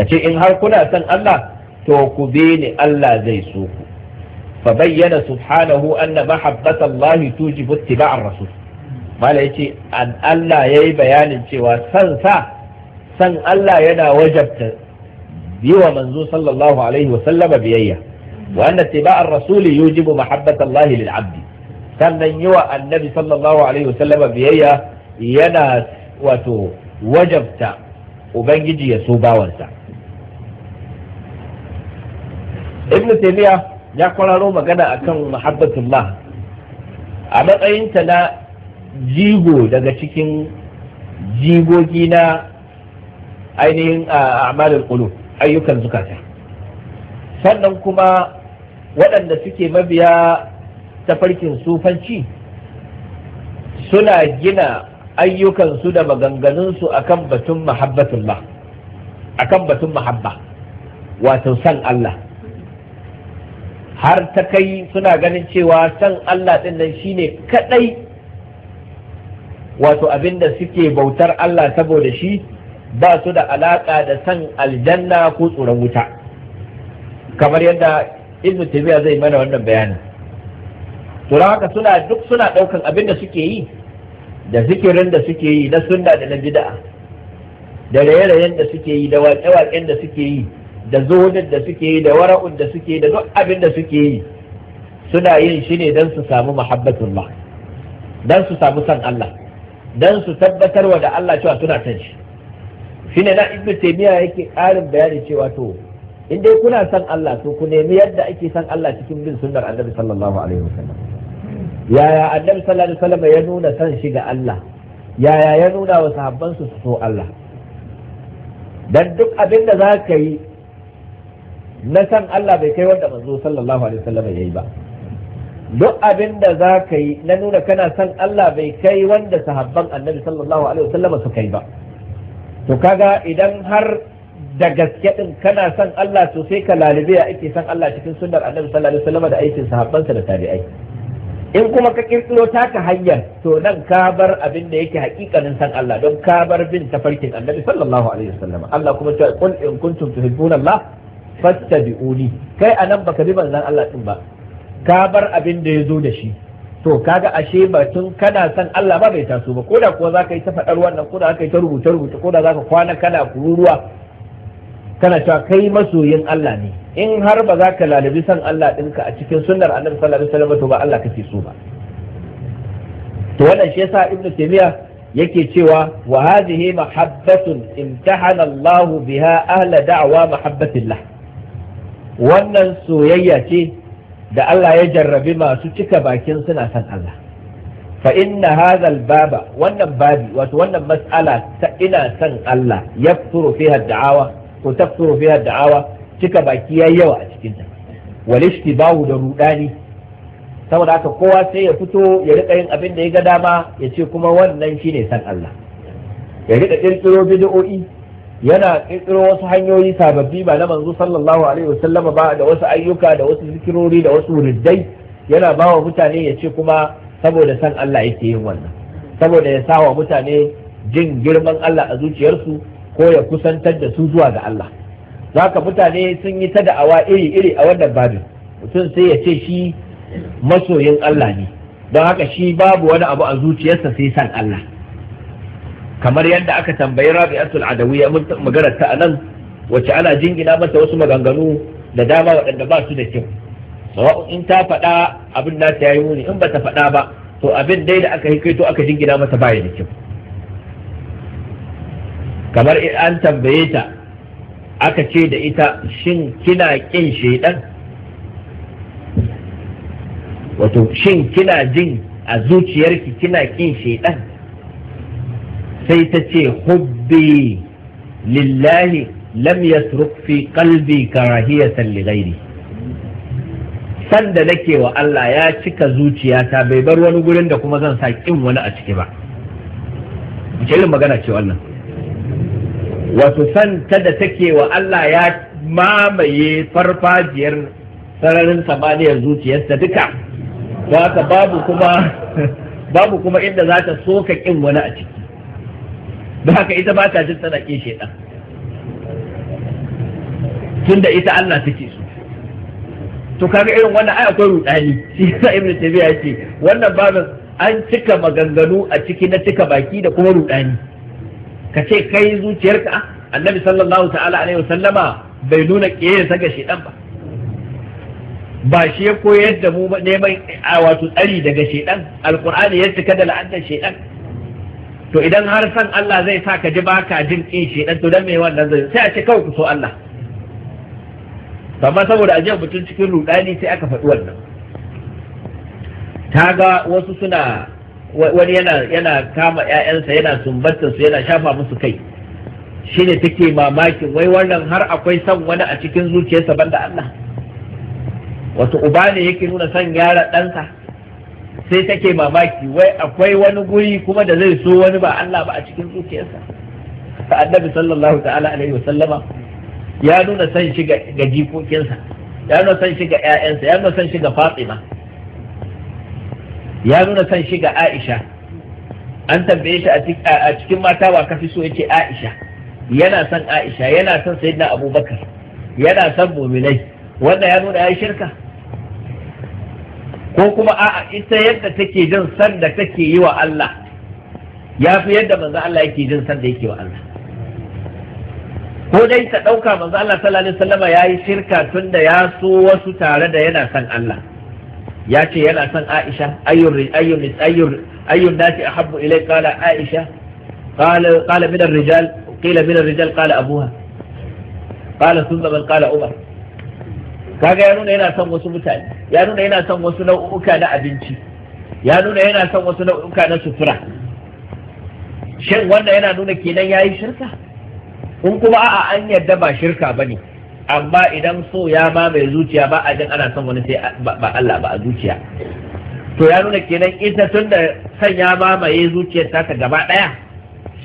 S2: kace in har kuna son Allah to ku bi ni Allah zai so ku fa bayyana subhanahu anna mahabbata Allah tujibu ittiba' rasul mala yace an Allah yayi bayanin cewa san sa san Allah yana wajabta yi wa manzo sallallahu alaihi wa sallama biyayya wa anna tiba'ar rasuli yujibu mahabbata Allah lil abdi sannan yi wa annabi sallallahu alaihi wa sallama biyayya yana wato wajabta ubangiji ya so bawansa ibnu taymiya ya kwararo magana akan mahabbatullah a matsayinta na jigo daga cikin jigogi na ainihin a'malul qulub ayyukan zukata sannan kuma waɗanda suke mabiya ta farkin sufanci suna gina ayyukansu da maganganunsu akan batun mahabbatullah akan batun mahabba wato san Allah har ta kai suna ganin cewa san Allah ɗin nan shine kaɗai, wato abinda suke bautar Allah saboda shi ba su da alaƙa da san aljanna ko tsoron wuta kamar yadda ibnu tabiya zai mana wannan bayanin to haka suna duk suna ɗaukan abin da suke yi da zikirin da suke yi na sunna da na bid'a da raye-rayen da suke yi da waƙe-waƙen da suke yi da zuhudin da suke yi da wara'un da suke yi da duk abin da suke yi suna yin shi ne don su samu ba, don su samu san Allah don su tabbatarwa da Allah cewa suna san shi shine na ibnu taymiya yake ƙarin bayani cewa to in dai kuna son Allah to ku nemi yadda ake son Allah cikin bin sunnar annabi sallallahu alaihi wasallam yaya annabi sallallahu alaihi wasallam ya nuna son shi ga Allah yaya ya nuna wa sahabban su so Allah dan duk abin da za ka yi na san Allah bai kai wanda manzo sallallahu alaihi wasallam ya yi ba duk abin da za ka yi na nuna kana son Allah bai kai wanda sahabban annabi sallallahu alaihi wasallam suka yi ba to kaga idan har da gaske din kana son Allah to sai ka lalibe ya ake son Allah cikin sunnar Annabi sallallahu alaihi wasallam da aikin sahabbansa da tabi'ai in kuma ka kirkiro taka hanyar to nan ka bar abin da yake hakikanin san Allah don ka bar bin tafarkin Annabi sallallahu alaihi wasallam Allah kuma ce qul in kuntum tuhibbuna Allah fattabi'uni kai anan baka bi manzon Allah din ba ka bar abin da ya zo da shi to kaga ashe batun kana son Allah ba bai taso ba koda kuwa zaka yi ta faɗar wannan koda zaka yi ta rubuta rubuta koda zaka kwana kana kururuwa kana cewa kai masoyin Allah ne in har ba za ka lalabi son Allah ɗinka a cikin sunnar annabi sallallahu alaihi wasallam to ba Allah kake so ba to wannan shi yasa ibnu taymiya yake cewa wa hadhihi mahabbatun imtahana Allah biha ahla da'wa mahabbatillah wannan soyayya ce da Allah ya jarrabi masu cika bakin suna san Allah fa inna hadha baba wannan babi wato wannan mas'ala ta ina son Allah yafturu fiha da'awa ko tafsuru fiha da'awa cika baki yayi yawa a cikin ta wal ishtibahu da rudani saboda haka kowa sai ya fito ya rika yin abin da ya ga dama ya ce kuma wannan shine san Allah ya rika kirkiro bid'o'i yana ƙirƙiro wasu hanyoyi sababbi ba na manzo sallallahu alaihi wasallam ba da wasu ayyuka da wasu zikirori da wasu riddai yana ba wa mutane ya ce kuma saboda san Allah yake yin wannan saboda ya sawa mutane jin girman Allah a zuciyarsu ko ya kusantar da su zuwa ga Allah zaka mutane sun yi ta da'awa iri-iri a wannan babin mutum sai ya ce shi masoyin Allah ne don haka shi babu wani abu a zuciyarsa sai san Allah kamar yadda aka tambayi rabi'atul adawiya mun magana ta anan wacce ana jingina mata wasu maganganu da dama waɗanda ba su da kyau sawa'un in ta faɗa abin da ta yi muni in ba ta faɗa ba to abin dai da aka to aka jingina mata baya da kyau kamar in an tambaye ta aka ce da ita shin kina kin shaidan wato shin kina jin a zuciyarki kina kin shaidan sai ta ce hubbi lillahi lam yasruk fi qalbi karahiyatan li ghairi sanda nake wa Allah ya cika zuciyata bai bar wani gurin da kuma zan sa kin wani a ciki ba ce magana ce wannan san ta da take wa Allah ya mamaye farfajiyar sararin samaniyar zuciyarsa duka ba babu kuma <laughs> babu kuma inda za ta soka kin wani a ciki da haka ita ba ta jin tana ƙin ɗan. tun da ita Allah take so to kaga irin wannan ai akwai rudani shi yasa ibnu tabiya ce. wannan babin an cika maganganu a ciki na cika baki da kuma rudani ka ce kai zuciyarka annabi sallallahu ta'ala alaihi wasallama bai nuna kiyaye saka shedan ba ba shi ya koyar da mu neman a wato tsari daga shedan alqur'ani ya cika da la'antar shedan to idan har san Allah zai sa ka ji baka jin kin shi dan to dan me wannan zai sai a ce kawai ku so Allah amma saboda a jiya mutum cikin rudani sai aka faɗi wannan ta ga wasu suna wani yana yana kama ƴaƴansa yana sumbatar su yana shafa musu kai shine take mamakin wai wannan har akwai san wani a cikin zuciyarsa banda Allah wato uba ne yake nuna son yara ɗansa sai take mamaki wai akwai wani guri kuma da zai so wani ba Allah ba a cikin zuciyarsa ta annabi sallallahu ta'ala alaihi wa sallama ya nuna san shi ga jikokinsa ya nuna san shi ga ƴaƴansa ya nuna san shi ga Fatima ya nuna san shi ga Aisha an tambaye shi a cikin mata ba kafi so yace Aisha yana san Aisha yana san Sayyidina Abubakar yana san mu'minai wanda ya nuna ya shirka ko kuma a'a ita yadda take jin sanda take yi wa Allah ya fi yadda manzo Allah yake jin sanda yake wa Allah ko dai ta ɗauka manzo Allah sallallahu alaihi wasallama ya yi shirka tunda ya so wasu tare da yana son Allah ya ce yana son Aisha ayyun ayyun ayyun ayyun nasi ahabbu ilayka qala Aisha qala qala min ar-rijal qila min ar-rijal qala abuha qala sunna qala Umar kaga ya nuna yana son wasu mutane ya nuna yana son wasu nau'uka na abinci ya nuna yana son wasu nau'uka na sutura shin wannan yana nuna kenan ya yi shirka in kuma a'a an yadda ba shirka ba ne amma idan so ya ma mai zuciya ba a jin ana son wani sai ba Allah ba a zuciya to ya nuna kenan ita tun da san ya mamaye zuciyar ta gaba daya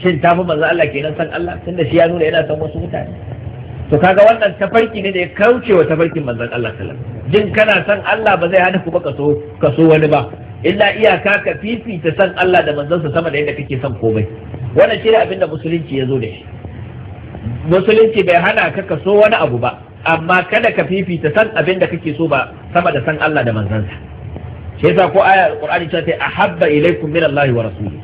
S2: shin ta fi manzo Allah kenan san Allah tun da shi ya nuna yana son wasu mutane to kaga wannan tafarki ne da ya kauce wa tafarkin manzon Allah sallallahu alaihi jin kana san Allah ba zai hana ku ba ka so wani ba illa iyaka ka fifita san Allah da manzon sa sama da yadda kake san komai wannan shi ne abin da musulunci ya zo da shi musulunci bai hana ka kaso so wani abu ba amma kada ka fifita san abin da kake so ba sama da san Allah da manzon sa shi yasa ko aya alqur'ani ta ce ahabba ilaykum min Allah wa rasuli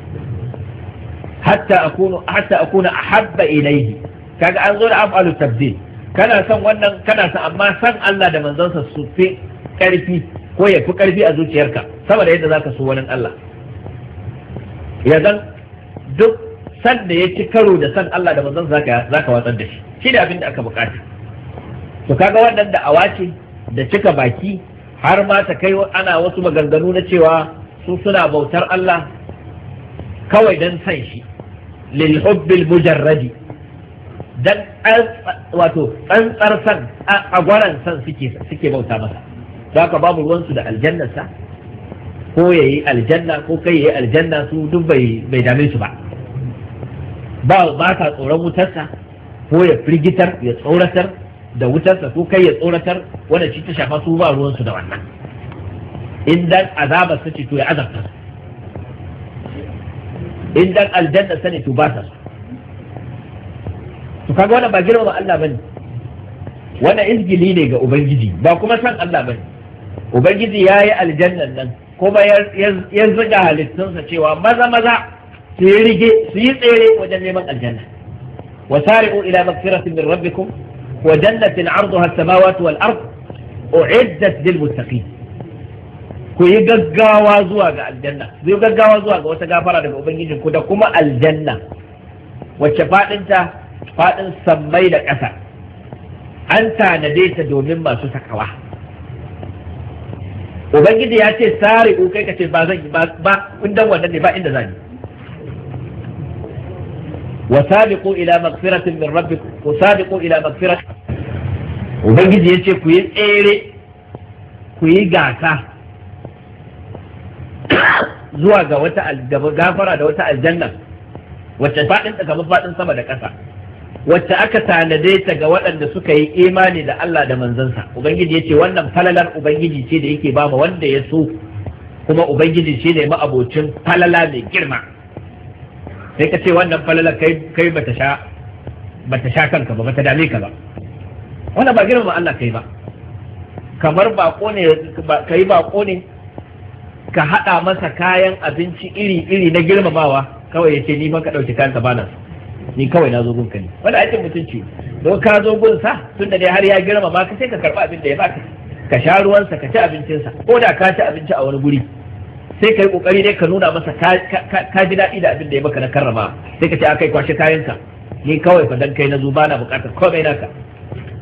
S2: hatta akunu hatta akuna ahabba ilayhi kaga an zo da af'alu tabdi kana son wannan kana son amma san Allah da manzansa su fi karfi ko ya fi karfi a zuciyarka saboda yadda zaka so wani Allah ya duk san da ya ci karo da san Allah da manzansa zaka zaka watsar da shi shi da abin da aka bukata to kaga wannan da'awa ce da cika baki har ma ta kai ana wasu maganganu na cewa su suna bautar Allah kawai dan san shi lil hubbil mujarradi dan wato tsantsar san agwaran san suke suke bauta masa haka babu ruwansu da aljannarsa ko ya yi aljanna ko kai ya yi aljanna su duk bai dame su ba ba ba ka tsoron wutarsa ko ya firgitar ya tsoratar da wutarsa ko kai ya tsoratar wanda shi ta shafa su ba ruwansu da wannan in dan azaba su ce to ya azabta in dan aljanna sani to ba sa su to kaga wannan ba girmama Allah bane wannan izgili ne ga ubangiji ba kuma san Allah bane ubangiji yayi aljannan nan kuma ya zuga halittunsa cewa maza maza su yi rige su yi tsere wajen neman aljanna wa sari'u ila magfiratin min rabbikum wa jannatin arduha as-samawati wal ard u'iddat lil muttaqin ku yi gaggawa zuwa ga aljanna ku yi gaggawa zuwa ga wata gafara daga ubangijin ku da kuma aljanna wacce fadinta faɗin sammai da ƙasa an tanade ta domin masu takawa ubangiji ya ce sare kai ka ce ba zan yi ba inda wannan ne ba inda zan yi وسابقوا إلى مغفرة من ربكم وسابقوا إلى مغفرة ubangiji ya ce ku yi tsere ku yi gasa zuwa ga wata gafara da wata aljanna wacce faɗin daga faɗin sama da ƙasa wacce aka tanade ta ga waɗanda suka yi imani da Allah da manzansa ubangiji ya ce wannan falalar ubangiji ce da yake ba wanda ya so kuma ubangiji ce ne ma'abocin falala mai girma sai ka ce wannan falalar kai bata sha bata sha kanka ba bata dame ka ba wannan ba girma Allah kai ba kamar ba ne kai ba ne ka haɗa masa kayan abinci iri iri na girmamawa kawai ya ce ni ban ka ɗauki kanka ba su. ni kawai na zo gunka ne wanda ake mutunci don ka zo gunsa tunda dai har ya girma ma ka sai ka karba abin da ya baka ka sha ruwansa ka ci abincinsa ko da ka ci abinci a wani guri sai ka yi kokari dai ka nuna masa ka ji daɗi da abin da ya baka na karrama sai ka ce a kai kwashe kayanka ni kawai fa dan kai na zo ba na bukatar komai naka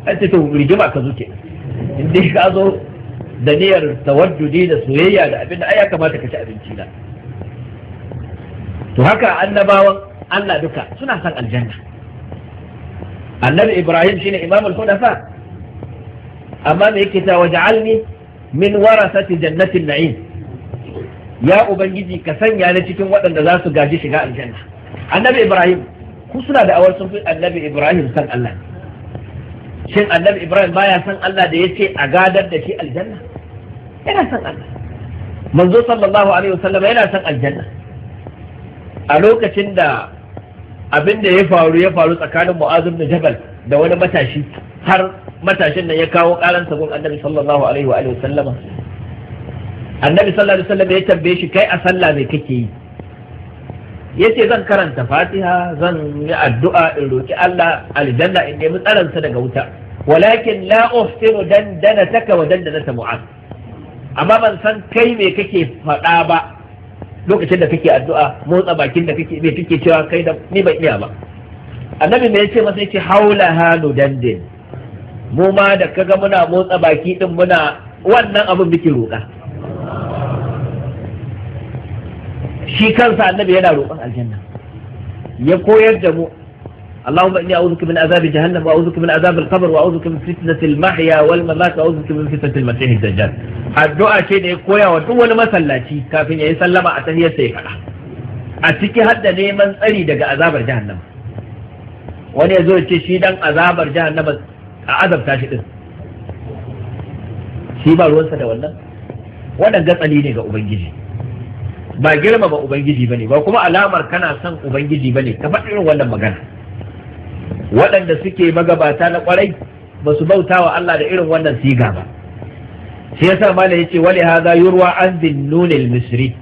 S2: an ce to rigima ka zuke in dai ka zo da niyyar tawajjudi da soyayya da abin da ai ya kamata ka ci abinci na to haka annabawan Allah duka suna son aljanna annabi ibrahim shine imamul hunafa amma me yake ta waj'alni min warasati jannatin na'im ya ubangiji ka sanya ni cikin waɗanda za su gaji shiga aljanna annabi ibrahim ku suna da awar sun fi annabi ibrahim san Allah shin annabi ibrahim baya san Allah da yace a gadar da shi aljanna yana san Allah manzo sallallahu alaihi wasallam yana san aljanna a lokacin da abin da ya faru ya faru tsakanin mu'azim na jabal da wani matashi har matashin nan ya kawo karansa gun annabi sallallahu alaihi wa alihi sallama annabi sallallahu alaihi wasallam ya tambaye shi kai a sallah me kake yi yace zan karanta fatiha zan yi addu'a in roki Allah aljanna in nemi tsaransa daga wuta walakin la uhsinu dandanataka wa dandanata mu'az amma ban san kai me kake faɗa ba lokacin da kake addu'a motsa bakin da kake bai kake cewa kai da ni ban iya ba annabi me yace masa yace haula hanu dandin mu ma da kaga muna motsa baki din muna wannan abin muke roƙa shi kansa annabi yana roƙon aljanna ya koyar da mu اللهم إني أعوذك من عذاب جهنم وأعوذك من عذاب القبر وأعوذك من فتنة المحيا والممات وأعوذك من فتنة المسيح الدجال الدعاء شيء ne koya duk wani masallaci kafin yayi sallama a tahiyar sai fada a ciki hadda neman tsari daga azabar jahannama wani ya zo ya ce shi dan azabar jahannama a azabta shi ba ruwansa wannan wannan gatsali ne ga ubangiji ba girmama ubangiji bane ba kuma alamar kana son ubangiji bane ka faɗi irin wannan magana waɗanda suke magabata na kwarai ba su bauta wa Allah da irin wannan siga ba shi yasa mala yace wali haza yurwa an dinnun al-misri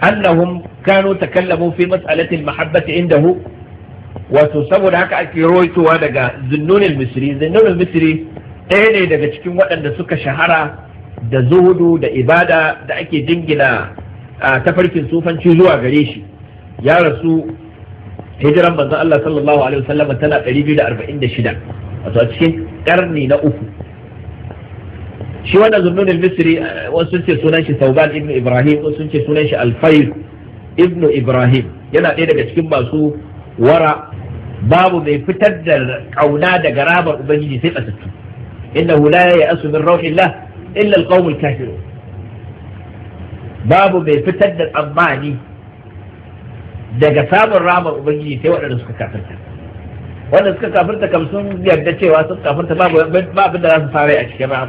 S2: annahum kanu takallamu fi mas'alati al-mahabbati indahu wato saboda haka ake rawaitowa daga zinnun al-misri zinnun misri ɗaya ne daga cikin waɗanda suka shahara da zuhudu da ibada da ake dingina tafarkin sufanci zuwa gare shi ya rasu hijiran manzon Allah sallallahu alaihi wasallam tana 246 wato a cikin karni na uku shi wannan zunnun al-misri eh, wasu ce sunan shi Sauban ibn Ibrahim wasu ce sunan shi Al-Fayl ibn Ibrahim yana ɗaya daga cikin masu wara babu mai fitar da kauna daga rabar ubangiji sai kasattu innahu la ya'asu min rauhillah illa al-qaumul kafirun babu mai fitar da tsammani daga samun ramar ubangiji sai waɗanda suka kafirta wanda suka kafirta kam sun yarda cewa sun kafirta babu abin da za su fara a cikin ramar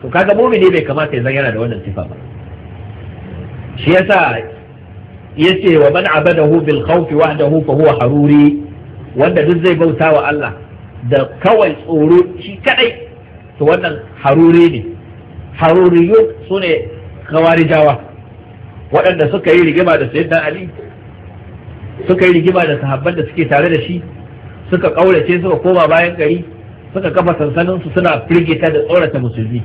S2: to kaga ne bai kamata ya yana da wannan sifa ba shi yasa yace wa man abadahu bil khawfi wahdahu fa huwa haruri wanda duk zai bauta wa Allah da kawai tsoro shi kadai to wannan haruri ne haruriyun sune kawarijawa waɗanda suka yi rigima da sayyidina ali suka yi rigima da sahabban da suke tare da shi suka ƙaurace suka koma bayan gari suka kafa sansanin su suna firgita da tsorata musulmi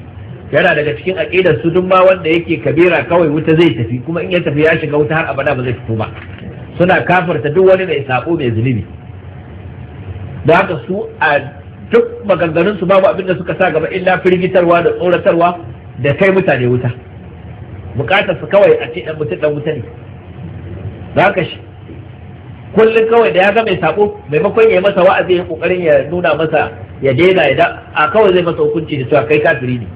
S2: yana daga cikin aqidar su duk ma wanda yake kabira kawai wuta zai tafi kuma in ya tafi ya shiga wuta har abada ba zai fito ba suna kafarta duk wani mai sako mai zunubi da haka su a duk maganganun su babu abin da suka sa gaba illa firgitarwa da tsoratarwa da kai mutane wuta bukatar su kawai a ce dan mutum dan shi kullum kawai da ya ga mai sako maimakon ya yi masa wa'azi ya kokarin ya nuna masa ya daina ya da a kawai zai masa hukunci da cewa kai kafiri ne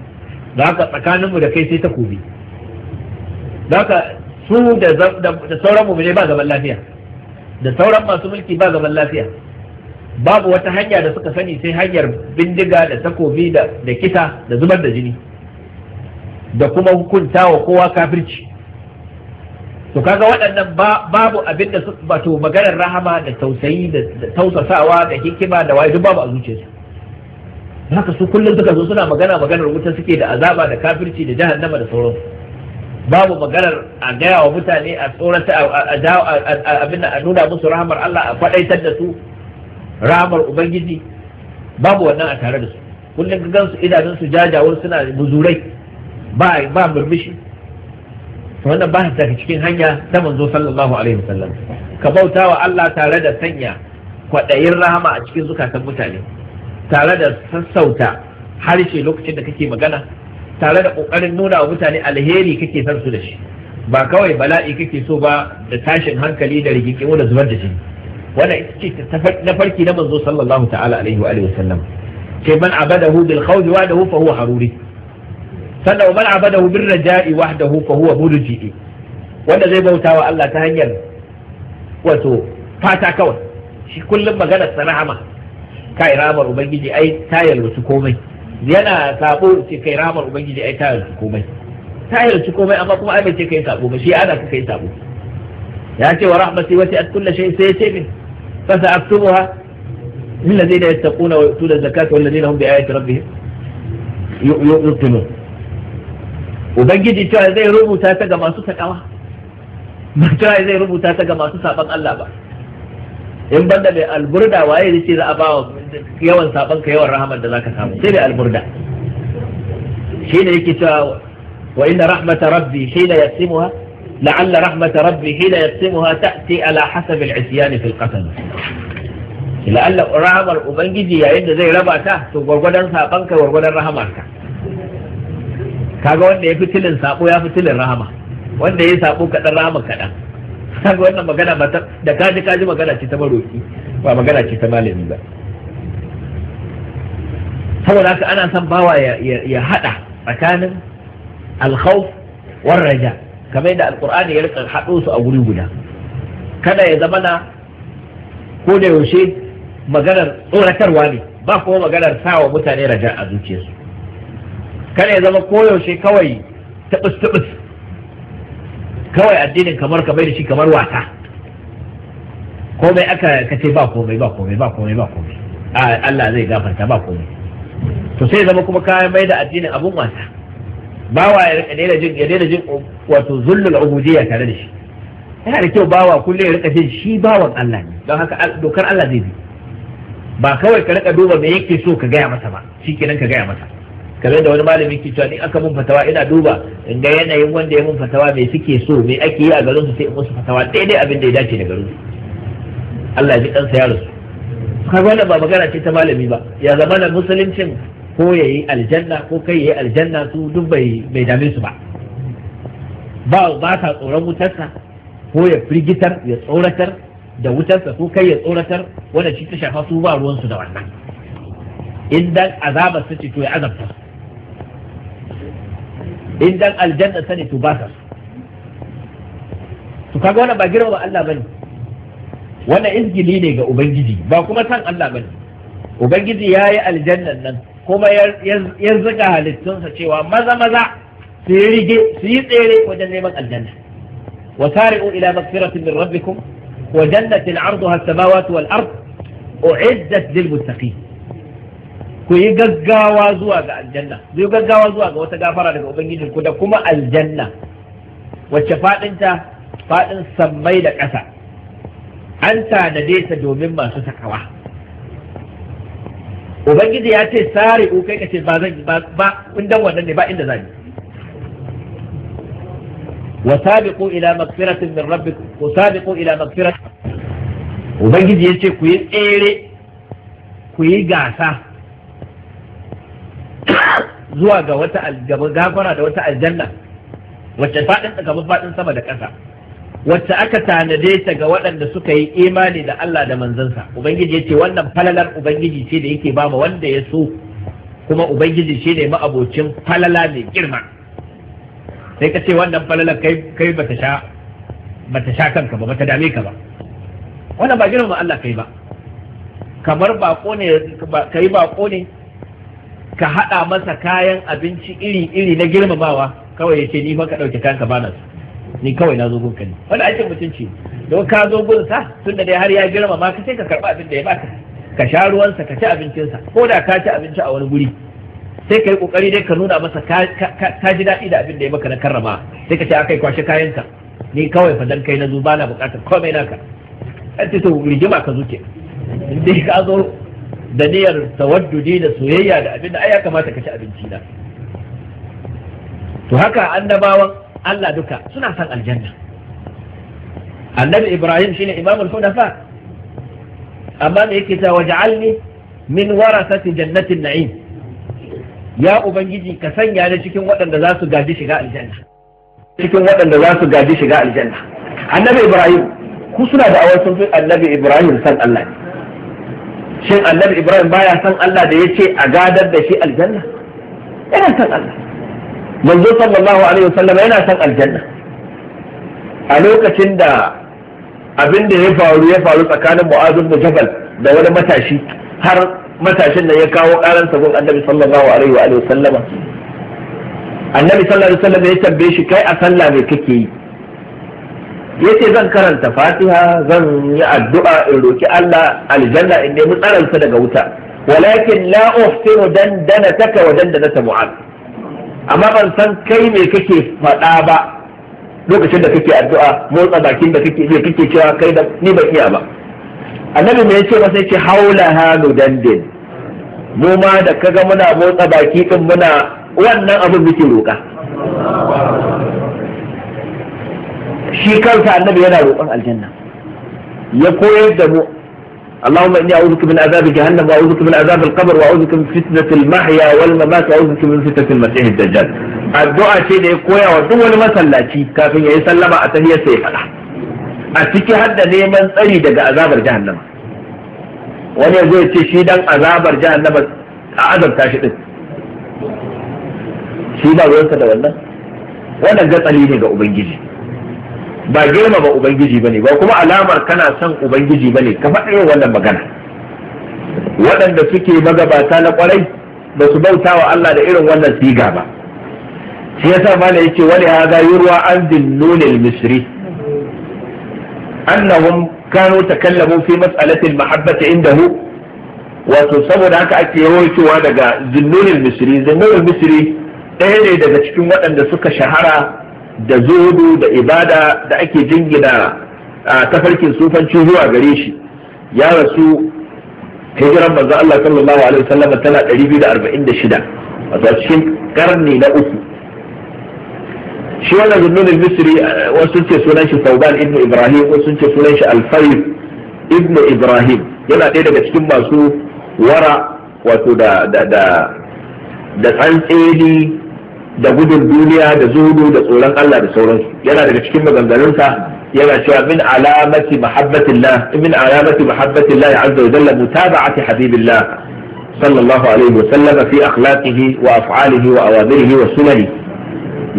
S2: haka tsakaninmu da kai sai ta kobi su da sauran mu ba zaman lafiya da sauran masu mulki ba zaman lafiya babu wata hanya da suka sani sai hanyar bindiga da takobi da kisa da zubar da jini da kuma hukunta wa kowa kafirci to kaga waɗannan babu abin da wato maganar rahama da tausayi da tausasawa da hikima da wayo babu a zuciyarsu haka su kullum suka zo suna magana maganar wuta suke da azaba da kafirci da jahannama da sauran babu maganar a gaya wa mutane a tsorata abin a nuna musu rahamar Allah a faɗaitar da su rahamar ubangiji babu wannan a tare da su kullum gansu idanun su jajawar suna buzurai ba ba murmushi wannan ba daga cikin hanya ta manzo sallallahu alaihi wasallam ka bauta wa Allah tare da sanya kwaɗayin rahama a cikin zukatan mutane tare da sassauta harshe lokacin da kake magana tare da ƙoƙarin nuna wa mutane alheri kake san su da shi ba kawai bala'i kake so ba da tashin hankali da rigiki da zubar da jini wannan ita ce na farki na manzo sallallahu ta'ala alaihi wa sallam Ke man abadahu bil khawdi wa dahu huwa haruri sannan wa man abadahu bir raja'i wahdahu fa huwa murji'i wanda zai bauta wa Allah ta hanyar wato fata kawai shi kullum maganar sa rahama kai ramar ubangiji ai
S1: ta wasu komai
S2: yana sabo ce kai ramar ubangiji ai ta wasu komai ta wasu komai amma kuma ai bai ce kai sabo ba shi ana ka kai sabo ya ce wa rahmati wasi'at kulli shay sai ce min fa sa'aktubuha lil ladina yattaquna wa yu'tuna zakata wal ladina hum bi ayati rabbihim yuqinun ubangiji cewa zai rubuta ta ga masu takawa ba cewa zai rubuta ta ga masu saban Allah ba in banda mai alburda waye ne ce za a bawa yawan saban ka yawan rahaman da zaka samu sai mai alburda shine yake cewa wa inna rahmata rabbi hina yasimuha la'alla rahmata rabbi hina yasimuha ta'ti ala hasab al-isyan fi al-qatl la'alla rahamar ubangiji yayin da zai raba ta to gwargwadon saban ka gwargwadon rahamar ka kaga wanda ya fitilin sabo ya fitilin rahama wanda ya sabo kaɗan rahama kaɗan kaga wannan magana ba da kaji kaji magana ce ta maroki ba magana ce ta malami ba saboda haka ana son bawa ya haɗa tsakanin alkhawf war raja kamar da alqur'ani ya rika haɗo su a guri guda kada ya zama na ko da yaushe maganar tsoratarwa ne ba kuma maganar sawa mutane raja a zuciyarsu kada ya zama koyaushe kawai tabus tabus kawai addinin kamar ka bai da shi kamar wata? komai aka kace ba komai ba komai ba komai ba komai Allah zai gafarta ba komai to sai zama kuma kayan mai da addinin abun wata. bawa ya daina jin ya daina jin wato zullul ubudiyya tare da shi yana da kyau bawa kullum ya rika jin shi bawan Allah ne don haka dokar Allah zai bi ba kawai ka rika duba me yake so ka gaya masa ba shikenan ka gaya masa kamar da wani malamin ke cewa in aka mun fatawa ina duba in ga yanayin wanda ya mun fatawa mai suke so mai ake yi a garin su sai in musu fatawa daidai abin da ya dace da garin su Allah ya ji kansa ya rasu kai wannan ba magana ce ta malami ba ya zama na musuluncin ko yayi aljanna ko kai yayi aljanna su duk bai bai dame su ba ba ba ta tsoron wutarsa ko ya firgitar ya tsoratar da wutarsa ko kai ya tsoratar wanda shi ta shafa su ba ruwansu da wannan in dan azabar su ce to ya azabta in dan aljanna sani to ba su to kaga wannan ba girma ba Allah bane wannan izgili ne ga ubangiji ba kuma san Allah bane ubangiji ya yi aljannan nan kuma ya zuga halittunsa cewa maza maza su yi rige su yi tsere wajen neman aljanna wa sari'u ila magfiratin min rabbikum wa jannatin ardu as-samawati wal ard u'iddat lil muttaqin ku yi gaggawa zuwa ga aljanna ku yi gaggawa zuwa ga wata gafara daga ubangijin ku da kuma aljanna wacce fadinta faɗin sammai da ƙasa an tanade ta domin masu sakawa ubangiji ya ce sare ku kai kace ba zan ba ba kundan wannan ne ba inda zan wa sabiqu ila magfiratin min rabbikum wa sabiqu ila magfiratin ubangiji yace ku yi tsere ku yi gasa zuwa ga wata gafara da wata aljanna wacce faɗin kamar faɗin sama da ƙasa wacce aka tanade ta ga waɗanda suka yi imani da Allah da manzansa ubangiji ya ce wannan falalar ubangiji ce da yake ba wanda ya so kuma ubangiji shi ne ma'abocin falala mai girma sai ka ce wannan falalar kai kai bata sha bata sha kanka ba bata dame ka ba wannan ba girma Allah kai ba kamar bako ne kai bako ne ka haɗa masa kayan abinci iri-iri na girmamawa kawai ya ce ni fa ka ɗauke kanka ba su ni kawai na zo gunka ne wani ake mutunci don ka zo gunsa tun da dai har ya girmama ka sai ka karɓi abin da ya baka ka sha ruwansa ka ci abincinsa ko da ka ci abinci a wani guri sai ka yi ƙoƙari dai ka nuna masa ka ji daɗi da abin da ya maka na karrama sai ka ce yi kwashe kayanka ni kawai fa dan kai na zo ba na buƙatar komai naka ka ce to rigima ka zuke in dai ka zo da niyyar tawaddudi da soyayya da abin da ai ya kamata ka ci abinci na to haka annabawan Allah duka suna son aljanna annabi Ibrahim shine imamul hudafa amma me yake ta waj'alni min warasati jannatin na'im ya ubangiji ka sanya ni cikin waɗanda za su gaji shiga aljanna cikin waɗanda za su gaji shiga aljanna annabi Ibrahim ku suna da awar sun fi annabi Ibrahim san Allah ne shin annabi ibrahim baya san Allah da yace a gadar da shi aljanna yana san Allah manzo sallallahu alaihi wasallam yana san aljanna a lokacin da abin da ya faru ya faru tsakanin mu'azin da jabal da wani matashi har matashin da ya kawo karan sabon annabi sallallahu alaihi wa sallama annabi sallallahu alaihi wasallam ya tambaye shi kai a sallah me kake yi yace zan karanta fatiha zan yi addu'a in roki Allah aljanna in nemi tsaransa daga wuta walakin la uhsinu taka wa dana mu'ad amma ban san kai me kake faɗa ba lokacin da kake addu'a motsa bakin da kake je kake cewa kai da ni ba iya ba annabi me yace masa yace haula halu dandin mu ma da kaga muna motsa baki din muna wannan abin muke roka shi kansa annabi yana roƙon aljanna ya koyar da mu اللهم اني اعوذ بك من عذاب جهنم واعوذ بك من عذاب القبر واعوذ بك من فتنه المحيا والممات واعوذ بك من فتنه المسيح الدجال addu'a ce da ya koya wa duk wani masallaci kafin ya yi sallama a tahiyar sai fada a ciki har da neman tsari daga azabar jahannama wani ya ya ce shi dan azabar jahannama a azabta shi shi ruwansa da wannan wannan gatsali ne ga ubangiji ba girmama ubangiji bane ba kuma alamar kana son ubangiji bane ka faɗi wannan magana waɗanda suke magabata na kwarai ba su bauta wa Allah da irin wannan siga ba shi yasa mala yace wani hada yurwa an dinnun Misiri. misri annahum kanu takallamu fi mas'alati al-mahabbati indahu wato saboda haka ake yawaitowa daga zinnunin Misiri, misri Misiri misri ɗaya ne daga cikin waɗanda suka shahara da zuhudu da ibada da ake jingina a tafarkin sufanci zuwa gare shi ya rasu hijiran manzo Allah sallallahu alaihi wasallam tana 246 wato cikin karni na uku shi wannan zunnun misri wasu ce sunan shi Sauban ibn Ibrahim wasu ce sunan shi al ibn Ibrahim yana ɗaya daga cikin masu wara wato da da da da tsantseni da gudun duniya da zuhudu da tsoron Allah da sauransu yana daga cikin maganganunsa yana cewa min alamati mahabbatillah min alamati mahabbatillah azza wa jalla mutaba'ati habibillah sallallahu alaihi wa sallam fi akhlaqihi wa af'alihi wa awadirihi wa sunani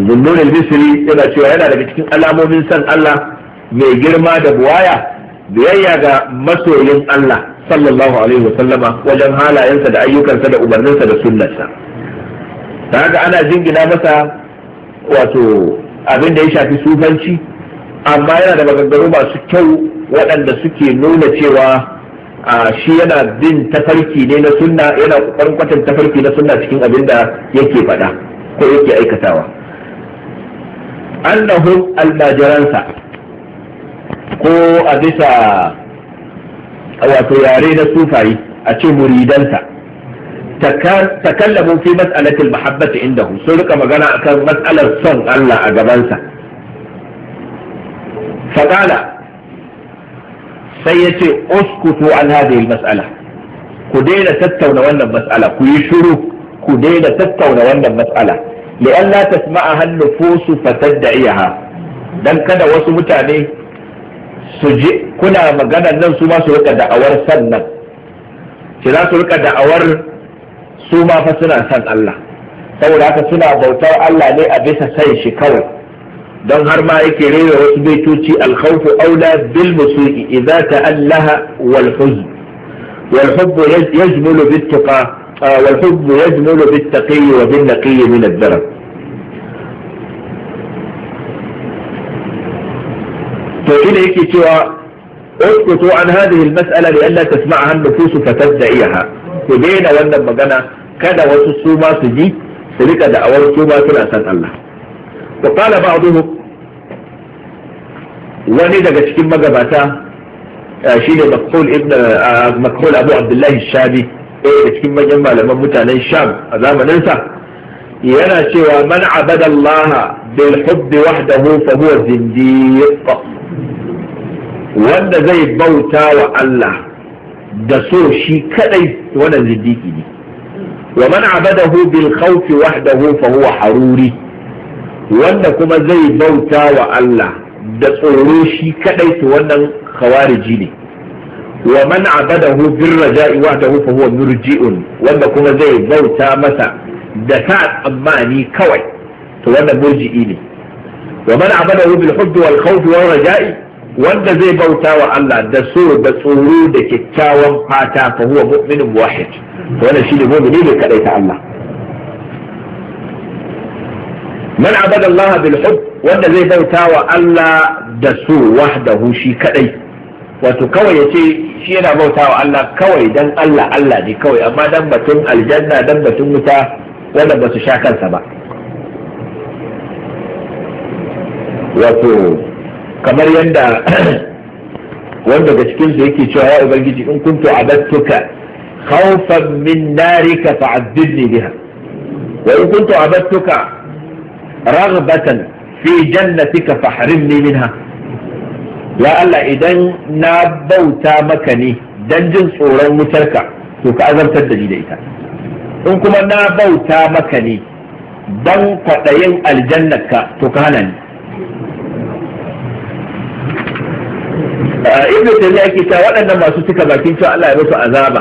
S2: zunnun al-misri yana cewa yana daga cikin alamomin san Allah mai girma da buwaya biyayya ga masoyin Allah sallallahu alaihi wa sallama wajen halayensa da ayyukansa da umarninsa da sunnarsa haka ana jingina masa wato abin da ya shafi sufanci amma yana da maganganu masu kyau waɗanda suke nuna cewa a shi yana bin tafarki ne na sunna yana ƙoƙarin kwatanta tafarki na sunna cikin abin da yake faɗa ko yake aikatawa annahum almajiransa ko a bisa wato yare na sufayi a ce muridansa takallamu fi mas'alatil mahabbati indahu rika magana akan mas'alar son Allah a gabansa faqala sai yace uskutu an hadhihi mas'ala ku daina tattauna wannan mas'ala ku yi shiru ku daina tattauna wannan mas'ala a la tasma'a hal nufusu fatad'iha dan kada wasu mutane su ji kuna maganar nan su ma su rika da'awar sannan ki za su rika da'awar su ma fa suna san Allah saboda haka suna bautar Allah ne a bisa san shi kawai don har ma yake rera wasu baitoci alkhawfu aula bil musu'i idza ta'allaha wal huzn wal hubb yajmulu bit taqa wal hubb yajmulu bit taqi wa bin naqi min ad-darab to ina yake cewa اسكتوا عن هذه المسألة لئلا تسمعها النفوس فتبدأ إياها ku daina wannan magana kada wasu su ma su ji su rika awar su ma suna san Allah wa qala ba'dhum wani daga cikin magabata eh, shine makhul ibn eh, makhul abu abdullahi shabi eh daga cikin manyan malaman mutanen sham a sa yana cewa man abada Allah bil hubbi wahdahu fa huwa zindiq wanda zai bauta wa Allah da so shi kadai wannan zindiki ne wa man abadahu bil khawfi wahdahu fa huwa haruri wanda kuma zai bauta wa Allah da tsoro shi kadai to wannan khawariji ne wa man abadahu bir raja'i wahdahu fa huwa murji'un wanda kuma zai bauta masa da ta tsammani kawai to wannan murji'i ne wa man abadahu bil hubbi wal khawfi wal raja'i wanda zai bauta wa Allah da so da tsoro da kyakkyawan fata fa huwa mu'minun wahid wannan shine mu'mini ne kadai ta Allah man abada Allah bil hub wanda zai bauta wa Allah da so wahdahu shi kadai wato kawai yace shi yana bauta wa Allah kawai dan Allah Allah ne kawai amma dan batun aljanna dan batun wuta wanda ba su sha kansa ba wato kamar yadda <clears throat> wanda daga cikin su yake cewa ya ubangiji in kuntu abattuka khawfan min narika fa'azzibni biha wa in kuntu abattuka raghbatan fi jannatika fahrimni minha ya Allah idan na bauta maka ne dan jin tsoron wutarka to ka azabtar da ni da ita in kuma na bauta maka ne dan kwaɗayin aljannarka to ka hana ni ibnu taymiya yake cewa waɗannan masu cika bakin cewa Allah ya musu azaba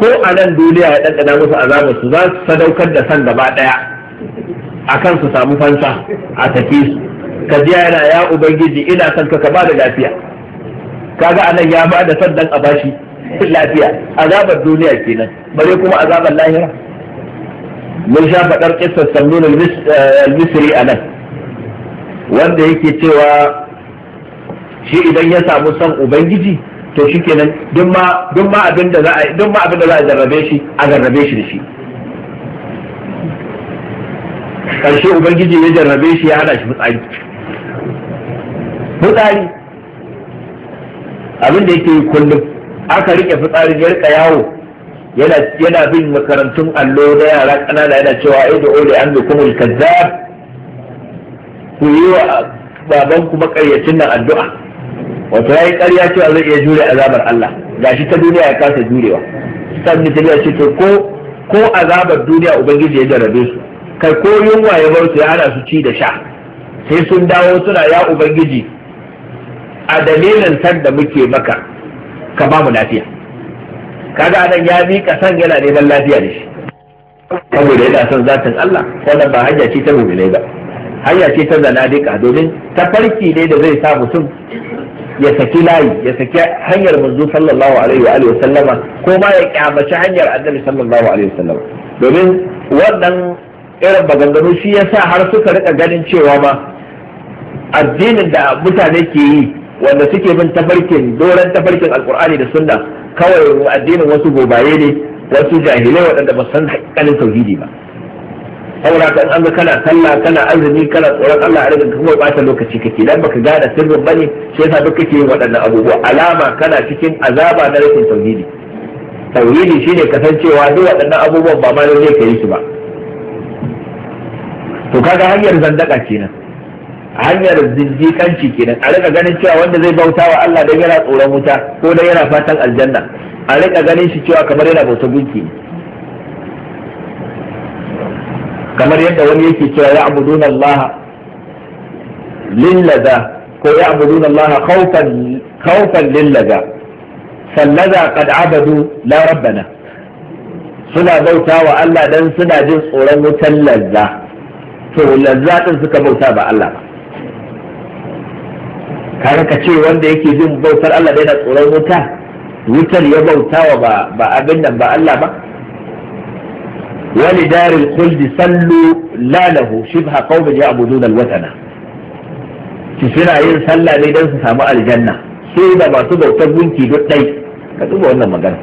S2: ko a nan duniya ya ɗanɗana musu azaba su za su sadaukar da san gaba daya akan su samu fansa a take su ka ji yana ya ubangiji ina son ka ba da lafiya kaga anan ya ba da san dan a bashi lafiya azabar duniya kenan bare kuma azabar lahira mun sha fadar kissa samnun eh, al-misri anan wanda yake cewa shi idan ya samu son ubangiji to shikenan duk ma duk ma abin da za a duk ma abin da za a jarrabe shi a jarrabe shi da shi karshe ubangiji ya jarrabe shi ya hada shi fitsari fitsari abin da yake yi kullum aka rike fitsari ya rika yawo yana yana bin makarantun allo da yara kanana yana cewa ai da ole an bikum kazzab ku yi wa babanku ku makaryacin nan addu'a wato yayi ƙarya cewa zai iya jure azabar Allah gashi ta duniya ya kasa jurewa sanni ta ce to ko ko azabar duniya ubangiji ya jarabe su kai ko yunwa ya bar su ya hana su ci da sha sai sun dawo suna ya ubangiji a dalilin san da muke maka ka ba mu lafiya kaga anan ya miƙa san yana neman lafiya da shi saboda yana son zatin Allah wannan ba hanya ce ta ne ba hanya ce ta zanadika domin tafarki ne da zai sa mutum ya saki layi ya saki hanyar manzo sallallahu alaihi wa sallama ko ma ya kyamaci hanyar annabi sallallahu alaihi wa sallama domin wannan irin maganganu shi yasa har suka rika ganin cewa ma addinin da mutane ke yi wanda suke bin tafarkin doron tafarkin alkur'ani da sunna kawai addinin wasu gobaye ne wasu jahilai waɗanda ba san hakikalin tauhidi ba haura kan an ga kana sallah kana azumi kana tsoron Allah a rage kuma bata lokaci kake dan baka gane sirrin bane sai yasa duk kake yin waɗannan abubuwa alama kana cikin azaba na rashin tauhidi tauhidi shine kasancewa duk waɗannan abubuwan ba ma zai kai su ba to kaga hanyar zandaka kenan hanyar zinjikanci kenan a rika ganin cewa wanda zai bauta wa Allah dan yana tsoron wuta ko dan yana fatan aljanna a rika ganin shi cewa kamar yana bauta gunki ne kamar yadda wani yake cewa ya abuduna Allah lillaza ko ya abuduna Allah khawfan lillaza fallaza qad abadu la rabbana suna bauta wa Allah dan suna jin tsoron wutan lazza to lazza din suka bauta ba Allah kare ka ce wanda yake jin bautar Allah da yana tsoron wuta wutar ya bauta wa ba abin nan ba Allah ba ولدار الخلد صلوا لا له شبه قوم يعبدون الوثن ki suna yin sallah ne don su samu aljanna su da masu bautar gunki duk dai ka duba wannan magana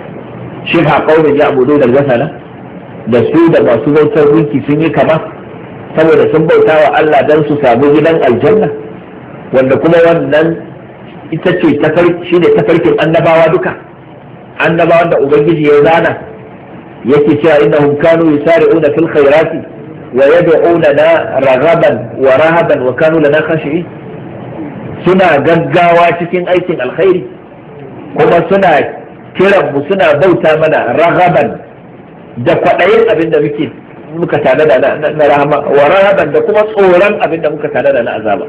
S2: shi ha kaumin ya abu da wasala da su da masu bautar gunki sun yi kama saboda sun bauta wa Allah don su samu gidan aljanna wanda kuma wannan ita ce shi ne tafarkin annabawa duka Annabawa da ubangiji ya zana yake cewa innahum kanu yusari'una fil khairati wa yad'unana raghaban wa rahaban wa kanu lana khashi'in suna gaggawa cikin aikin alkhairi kuma suna kiran mu suna bauta mana raghaban da kwaɗayin abin da muke muka tare da na rahama wa rahaban da kuma tsoron abin da muka tare da na azaba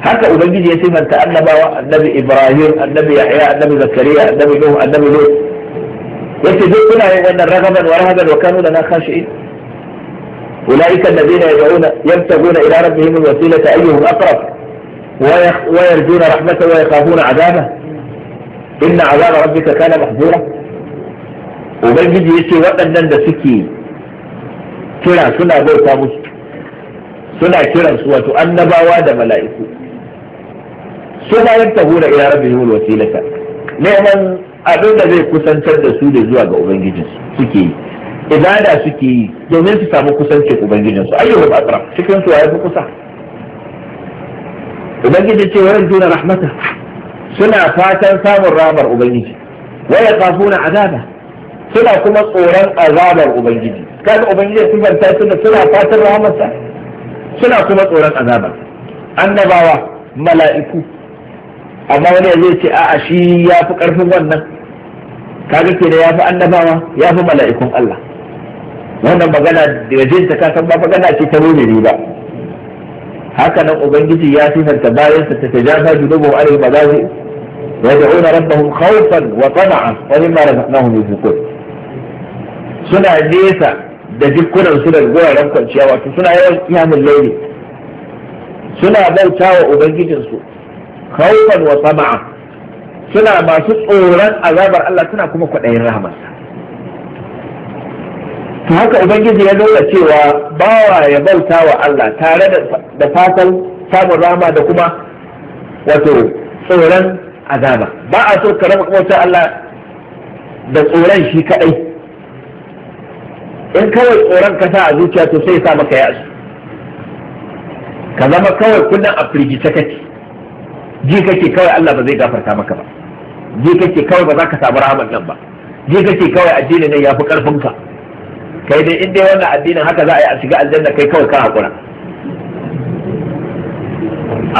S2: haka ubangiji ya sifanta annabawa annabi ibrahim annabi yahya annabi zakariya annabi nuh annabi lut يأتي ذو كنا أن رغما ورهبا وكانوا لنا خاشئين أولئك الذين يدعون يبتغون إلى ربهم الوسيلة أيهم أقرب ويرجون رحمته ويخافون عذابه إن عذاب ربك كان محظورا Ubangiji ya ce waɗannan da suke kira suna bauta musu suna kiran su wato annabawa da mala’iku suna yin tahura ila rabbi abin da zai kusantar da su da zuwa ga ubangijinsu suke yi ibada suke yi domin su samu kusancin ubangijinsu ayyuhum aqrab cikin su yayi kusa ubangiji ce wa duna rahmata suna fatan samun rahmar ubangiji wa yaqafuna azaba suna kuma tsoron azabar ubangiji kan ubangiji banta suna suna fatan rahmarsa suna kuma tsoron azaba annabawa mala'iku amma wani zai ce a'a shi ya fi ƙarfin wannan kaga ke da ya fi annabawa ya fi mala'ikun Allah wannan magana da jin ka san ba magana ce ta ne ba haka nan ubangiji ya sifanta bayansa ta tajafa junubu alaihi mazahi يدعون ربهم خوفا وطمعا ومما رزقناهم ينفقون suna nesa da jikunan suna goya ran kwanciya wato suna yawan kiyamun laili suna bauta wa ubangijinsu khawfan wa sama'a suna masu tsoron azabar Allah suna kuma kwaɗayin rahamarsa ta haka ubangiji ya nuna cewa bawa ya bauta wa Allah tare da fatan samun rama da kuma wato tsoron azaba ba a so ka raba bautar Allah da tsoron shi kaɗai. in kawai tsoron ka sa a zuciya to sai ya sa maka yasu ka zama kawai kullum a firgice kake ji kake kawai Allah ba zai gafarta maka ba ji kake kawai ba za ka samu rahaman nan ba ji kake kawai addinin nan fi karfin ka kai dai in dai wannan addinin haka za a yi a shiga aljanna kai kawai ka hakura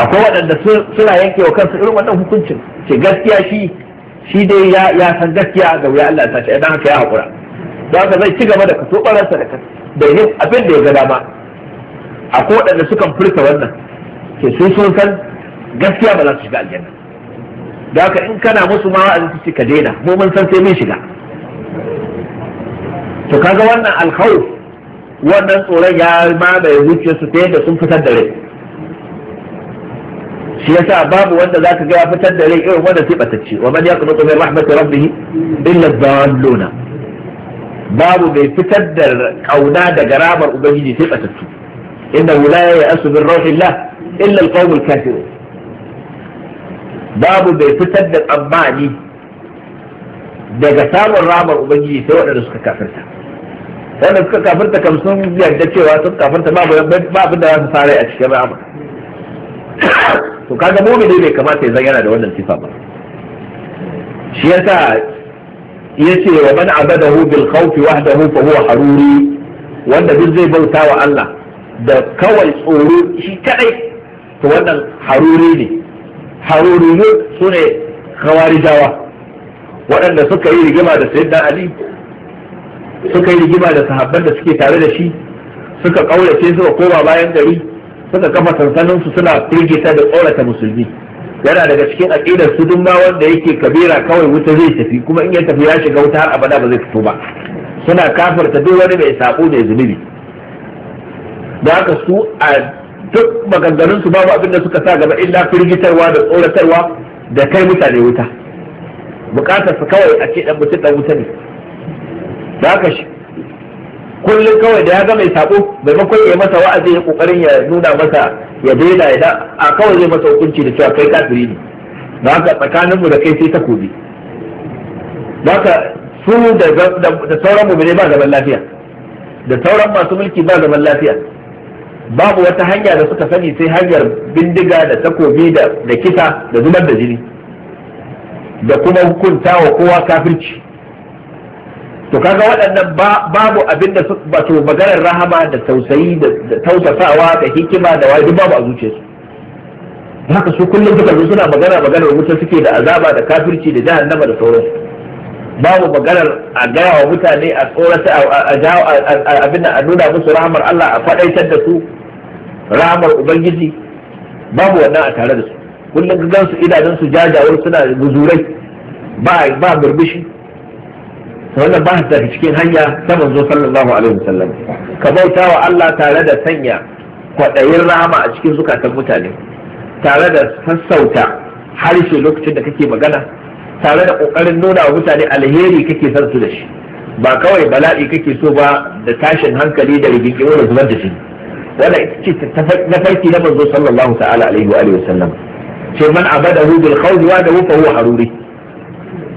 S2: akwai waɗanda suna yanke wa kansu irin wannan hukuncin ce gaskiya shi shi dai ya san gaskiya ga wuya Allah ta ce idan haka ya hakura don haka zai ci gaba da kaso baransa da da yin abin da ya ga dama akwai waɗanda sukan furta wannan ke sun sun san gaskiya ba za su shiga aljanna da haka in kana musu ma wa'azi su ka daina mu mun san sai mun shiga to kaga wannan alkhawf wannan tsoron ya mamaye zuciyarsu ta yadda sun fitar da rai shi yasa babu wanda zaka ga ya fitar da rai irin wanda sai batacce wa man yaqnutu min rahmati rabbih illa dhalluna babu bai fitar da kauna daga ramar ubangiji sai batacce inna la ya'asu min rahillah illa alqawmul kafirun babu bai fitar da tsammani daga samun ramar ubangiji sai waɗanda suka kafirta wanda suka kafirta kam sun yarda cewa sun kafirta babu abin da za su fara a cikin ramar to kaga ne bai kamata ya zan da wannan sifa ba shi yasa ce wa man abadahu bil khawfi wahdahu fa huwa haruri wanda duk zai bauta wa Allah da kawai tsoro shi kadai to wannan haruri ne haruriyun su ne kawarijawa waɗanda suka yi rigima da sayyidina ali suka yi rigima da sahabban da suke tare da shi suka ƙaurace suka koma bayan gari suka kafa sansanin su suna firgita da tsorata musulmi yana daga cikin aqidar su duk wanda yake kabira kawai wuta zai tafi kuma in ya tafi ya shiga wuta har abada ba zai fito ba suna kafarta duk wani mai sako mai zunubi da haka su a duk maganganun su babu abin da suka sa gaba illa firgitarwa da tsoratarwa da kai mutane wuta bukatar su kawai a ce dan mutum dan wuta ne da haka shi kullum kawai da ya ga mai sako maimakon ya masa wa'azi ya kokarin ya nuna masa ya daina ya a kawai zai masa hukunci da cewa kai kafiri ne da haka tsakaninmu da kai sai takobi da haka su da sauran mu ne ba zaman lafiya da sauran masu mulki ba zaman lafiya babu wata hanya da suka sani sai hanyar bindiga da takobi da kisa da zubar da jini da kuma hukunta wa kowa kafirci to kaga waɗannan babu abin da wato maganar rahama da tausayi da tausasawa da hikima da wani babu a su haka su kullum suka zo suna magana maganar wuta suke da azaba da kafirci da jahannama da sauransu babu maganar a gaya wa mutane a tsorata a abin a nuna musu rahamar Allah a faɗaitar da su ramar ubangiji babu wannan a tare da su kullum gan su idanun su jajawar suna guzurai ba ba burbushi wannan ba ta cikin hanya ta manzo sallallahu alaihi wasallam ka bauta wa Allah tare da sanya kwaɗayin rama a cikin zukatan mutane tare da sassauta harshe lokacin da kake magana tare da ƙoƙarin nuna wa mutane alheri kake son su da shi ba kawai bala'i kake so ba da tashin hankali da rigingimu da zubar da shi wanda ita ce na farki na manzo sallallahu ta'ala alaihi wa sallam ce man abadahu bil khawfi wa da fa huwa haruri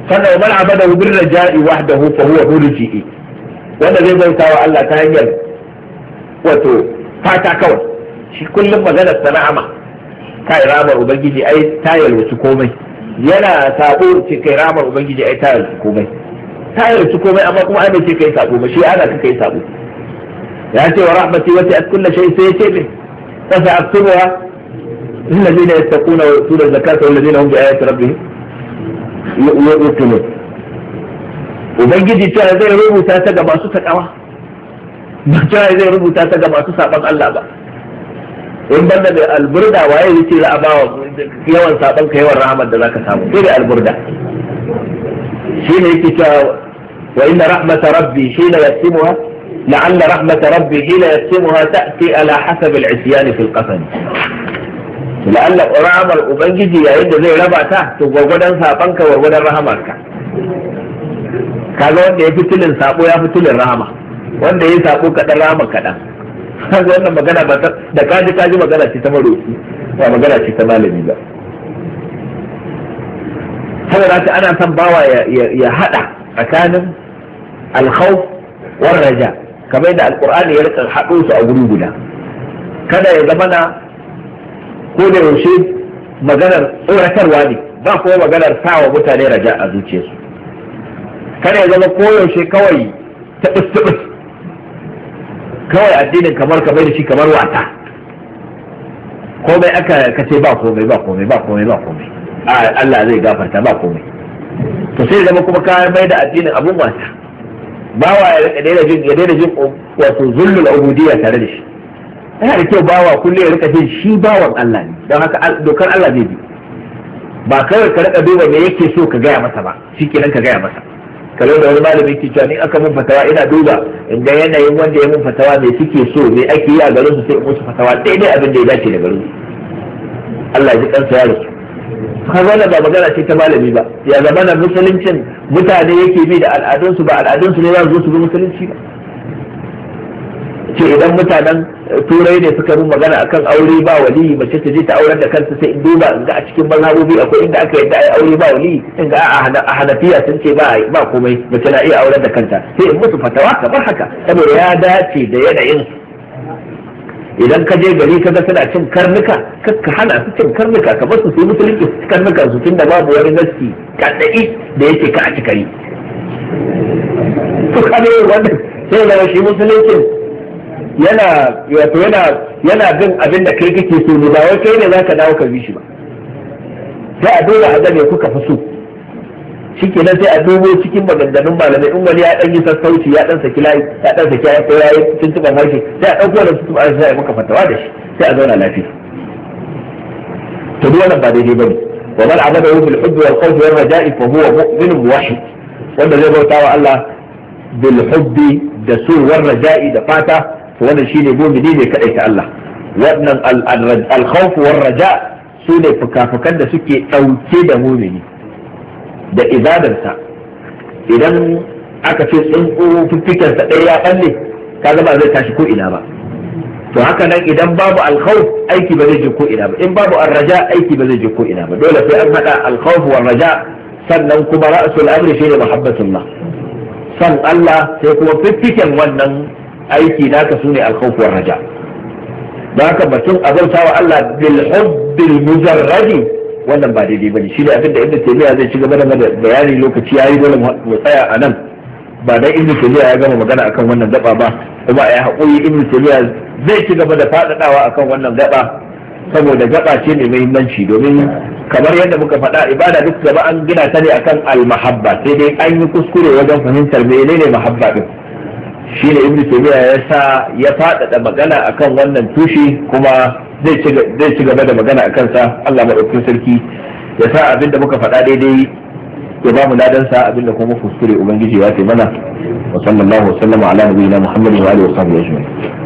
S2: sannan man abadahu bir raja'i wahdahu fa huwa hurji wanda zai bauta wa Allah ta hanyar wato fata kawai shi kullum maganar sana'ama kai ramar ubangiji ai tayar wasu komai yana sabo ce kai ramar ubangiji ai tayar wasu komai tayar wasu komai amma kuma ana ce kai sabo ba shi ana ka kai sabo ياتي ورحمتي وسعت كل شيء سيتي به فساكتبها للذين يتقون ويؤتون الزكاة والذين هم بآيات ربهم يؤمنون وبنجدي ترى زي ربو ثلاثة قبعة ستة قبعة ما ترى زي ربو ثلاثة قبعة ستة قبعة الله بقى إن بلد البردة وهي التي لا أباو في يوم رحمة ذاك سامو في البردة حين يكتب وإن رحمة ربي حين يكتبها لعل رحمة ربي حين يقسمها تأتي على حسب العصيان في القسم لعل رحمة أبنجي يا إنه زي ربع تحت وغدا ساقنك رحمك kaga wanda ya fi tulin sabo ya fi tulin rahama wanda ya sabo kaɗan rahama kaɗan kaga wannan magana ba da kaji kaji magana ce ta maroki ba magana ce ta malami ba saboda ana son bawa ya haɗa tsakanin alkhawf war raja' kamar yadda alkur'ani ya rika haɗo su a guri guda kada ya zama na ko da yaushe maganar tsoratarwa ne ba kuma maganar sawa mutane raja a zuciyarsu kada ya zama ko yaushe kawai ta taɓis kawai addinin kamar ka bai da shi kamar wata komai aka kace ba komai ba komai ba komai ba komai Allah zai gafarta ba komai to sai zama kuma kayan mai da addinin abun wasa bawa ya daina jin ya daina jin wato zullul ubudiyya tare da shi yana da kyau bawa kullum ya rika jin shi bawan Allah ne don haka dokar Allah zai bi ba kawai ka rika duba me yake so ka gaya masa ba shikenan ka gaya masa kalau da wani malami yake cewa ni aka mun fatawa ina duba in yanayin wanda ya mun fatawa me suke so me ake yi a garin su sai in musu fatawa daidai abin da ya dace da garin Allah ya ji kansa ya rasu kaga ba magana ce ta malami ba ya zamana musuluncin mutane yake bi da al'adunsu ba al'adunsu ne za su zo su bi musulunci ba ce idan mutanen turai ne suka yi magana akan aure ba waliyi mace ta je ta aurar da kansa sai in duba in ga a cikin mazhabobi akwai inda aka yadda ai aure ba waliyi in ga a hanafiya sun ce ba ba komai mace na iya aurar da kanta sai in musu fatawa kamar haka saboda ya dace da yanayin idan ka je gari ka ga suna cin karnuka ka hana su cin karnuka ka bar su su musulunci su karnuka su tunda babu wani gaski kaɗai da yake ka a cikari to kare wannan sai da shi musulunci yana wato yana yana bin abin da kai kake so ne ba wai kai ne zaka dawo ka bi shi ba sai a dole a ga me kuka fi so nan sai a dubo cikin maganganun malamai in wani ya dan yi sassauci ya dan saki layi ya dan saki ya ko yayi tuntuban harshe sai a dauko da tuntuban harshe sai a maka fatawa da shi sai a zauna lafiya to duk wannan ba daidai bane wa man amada hu bil hubbi wal khawfi wal raja'i fa huwa mu'minun muwahhid wanda zai bauta wa Allah bil hubbi da su wal raja'i da fata to wannan shine mu'mini ne kadai ta Allah wannan al khawf wal raja' su ne fukafukan da suke dauke da mu'mini da ibadarsa idan aka ce tsuntsu fiffikensa ɗaya ya ɓalle ka zama zai tashi ko ina ba to haka nan idan babu alkhawf aiki ba zai je ko ina ba in babu arraja aiki ba zai je ko ina ba dole sai an hada alkhawf wa raja sannan kuma ra'sul amri shine muhabbatullah san Allah sai kuma fiffiken wannan aiki naka sune alkhawf wa raja don haka batun azauta wa Allah bil hubbil wannan ba daidai bane shi ne abin da ibnu taymiya zai ci gaba da bayani lokaci ya yi dole mu tsaya a nan ba dan ibnu taymiya ya gama magana akan wannan gaba ba kuma yi haƙuri ibnu taymiya zai ci gaba da faɗaɗawa akan wannan gaba saboda gaba ce mai muhimmanci domin kamar yadda muka faɗa ibada duk gaba an gina ta ne akan al-mahabba sai dai an yi kuskure wajen fahimtar menene mahabba din shi ne ibn taymiya ya sa ya faɗaɗa magana akan wannan tushe kuma zai ci gaba da magana a sa Allah maɗaukin sarki ya sa abin da muka faɗa daidai ya ba mu ladan sa abin da kuma fuskure ubangiji ya ce mana wa sallallahu wa sallama ala nabiyina muhammadin wa alihi wa sahbihi ajma'in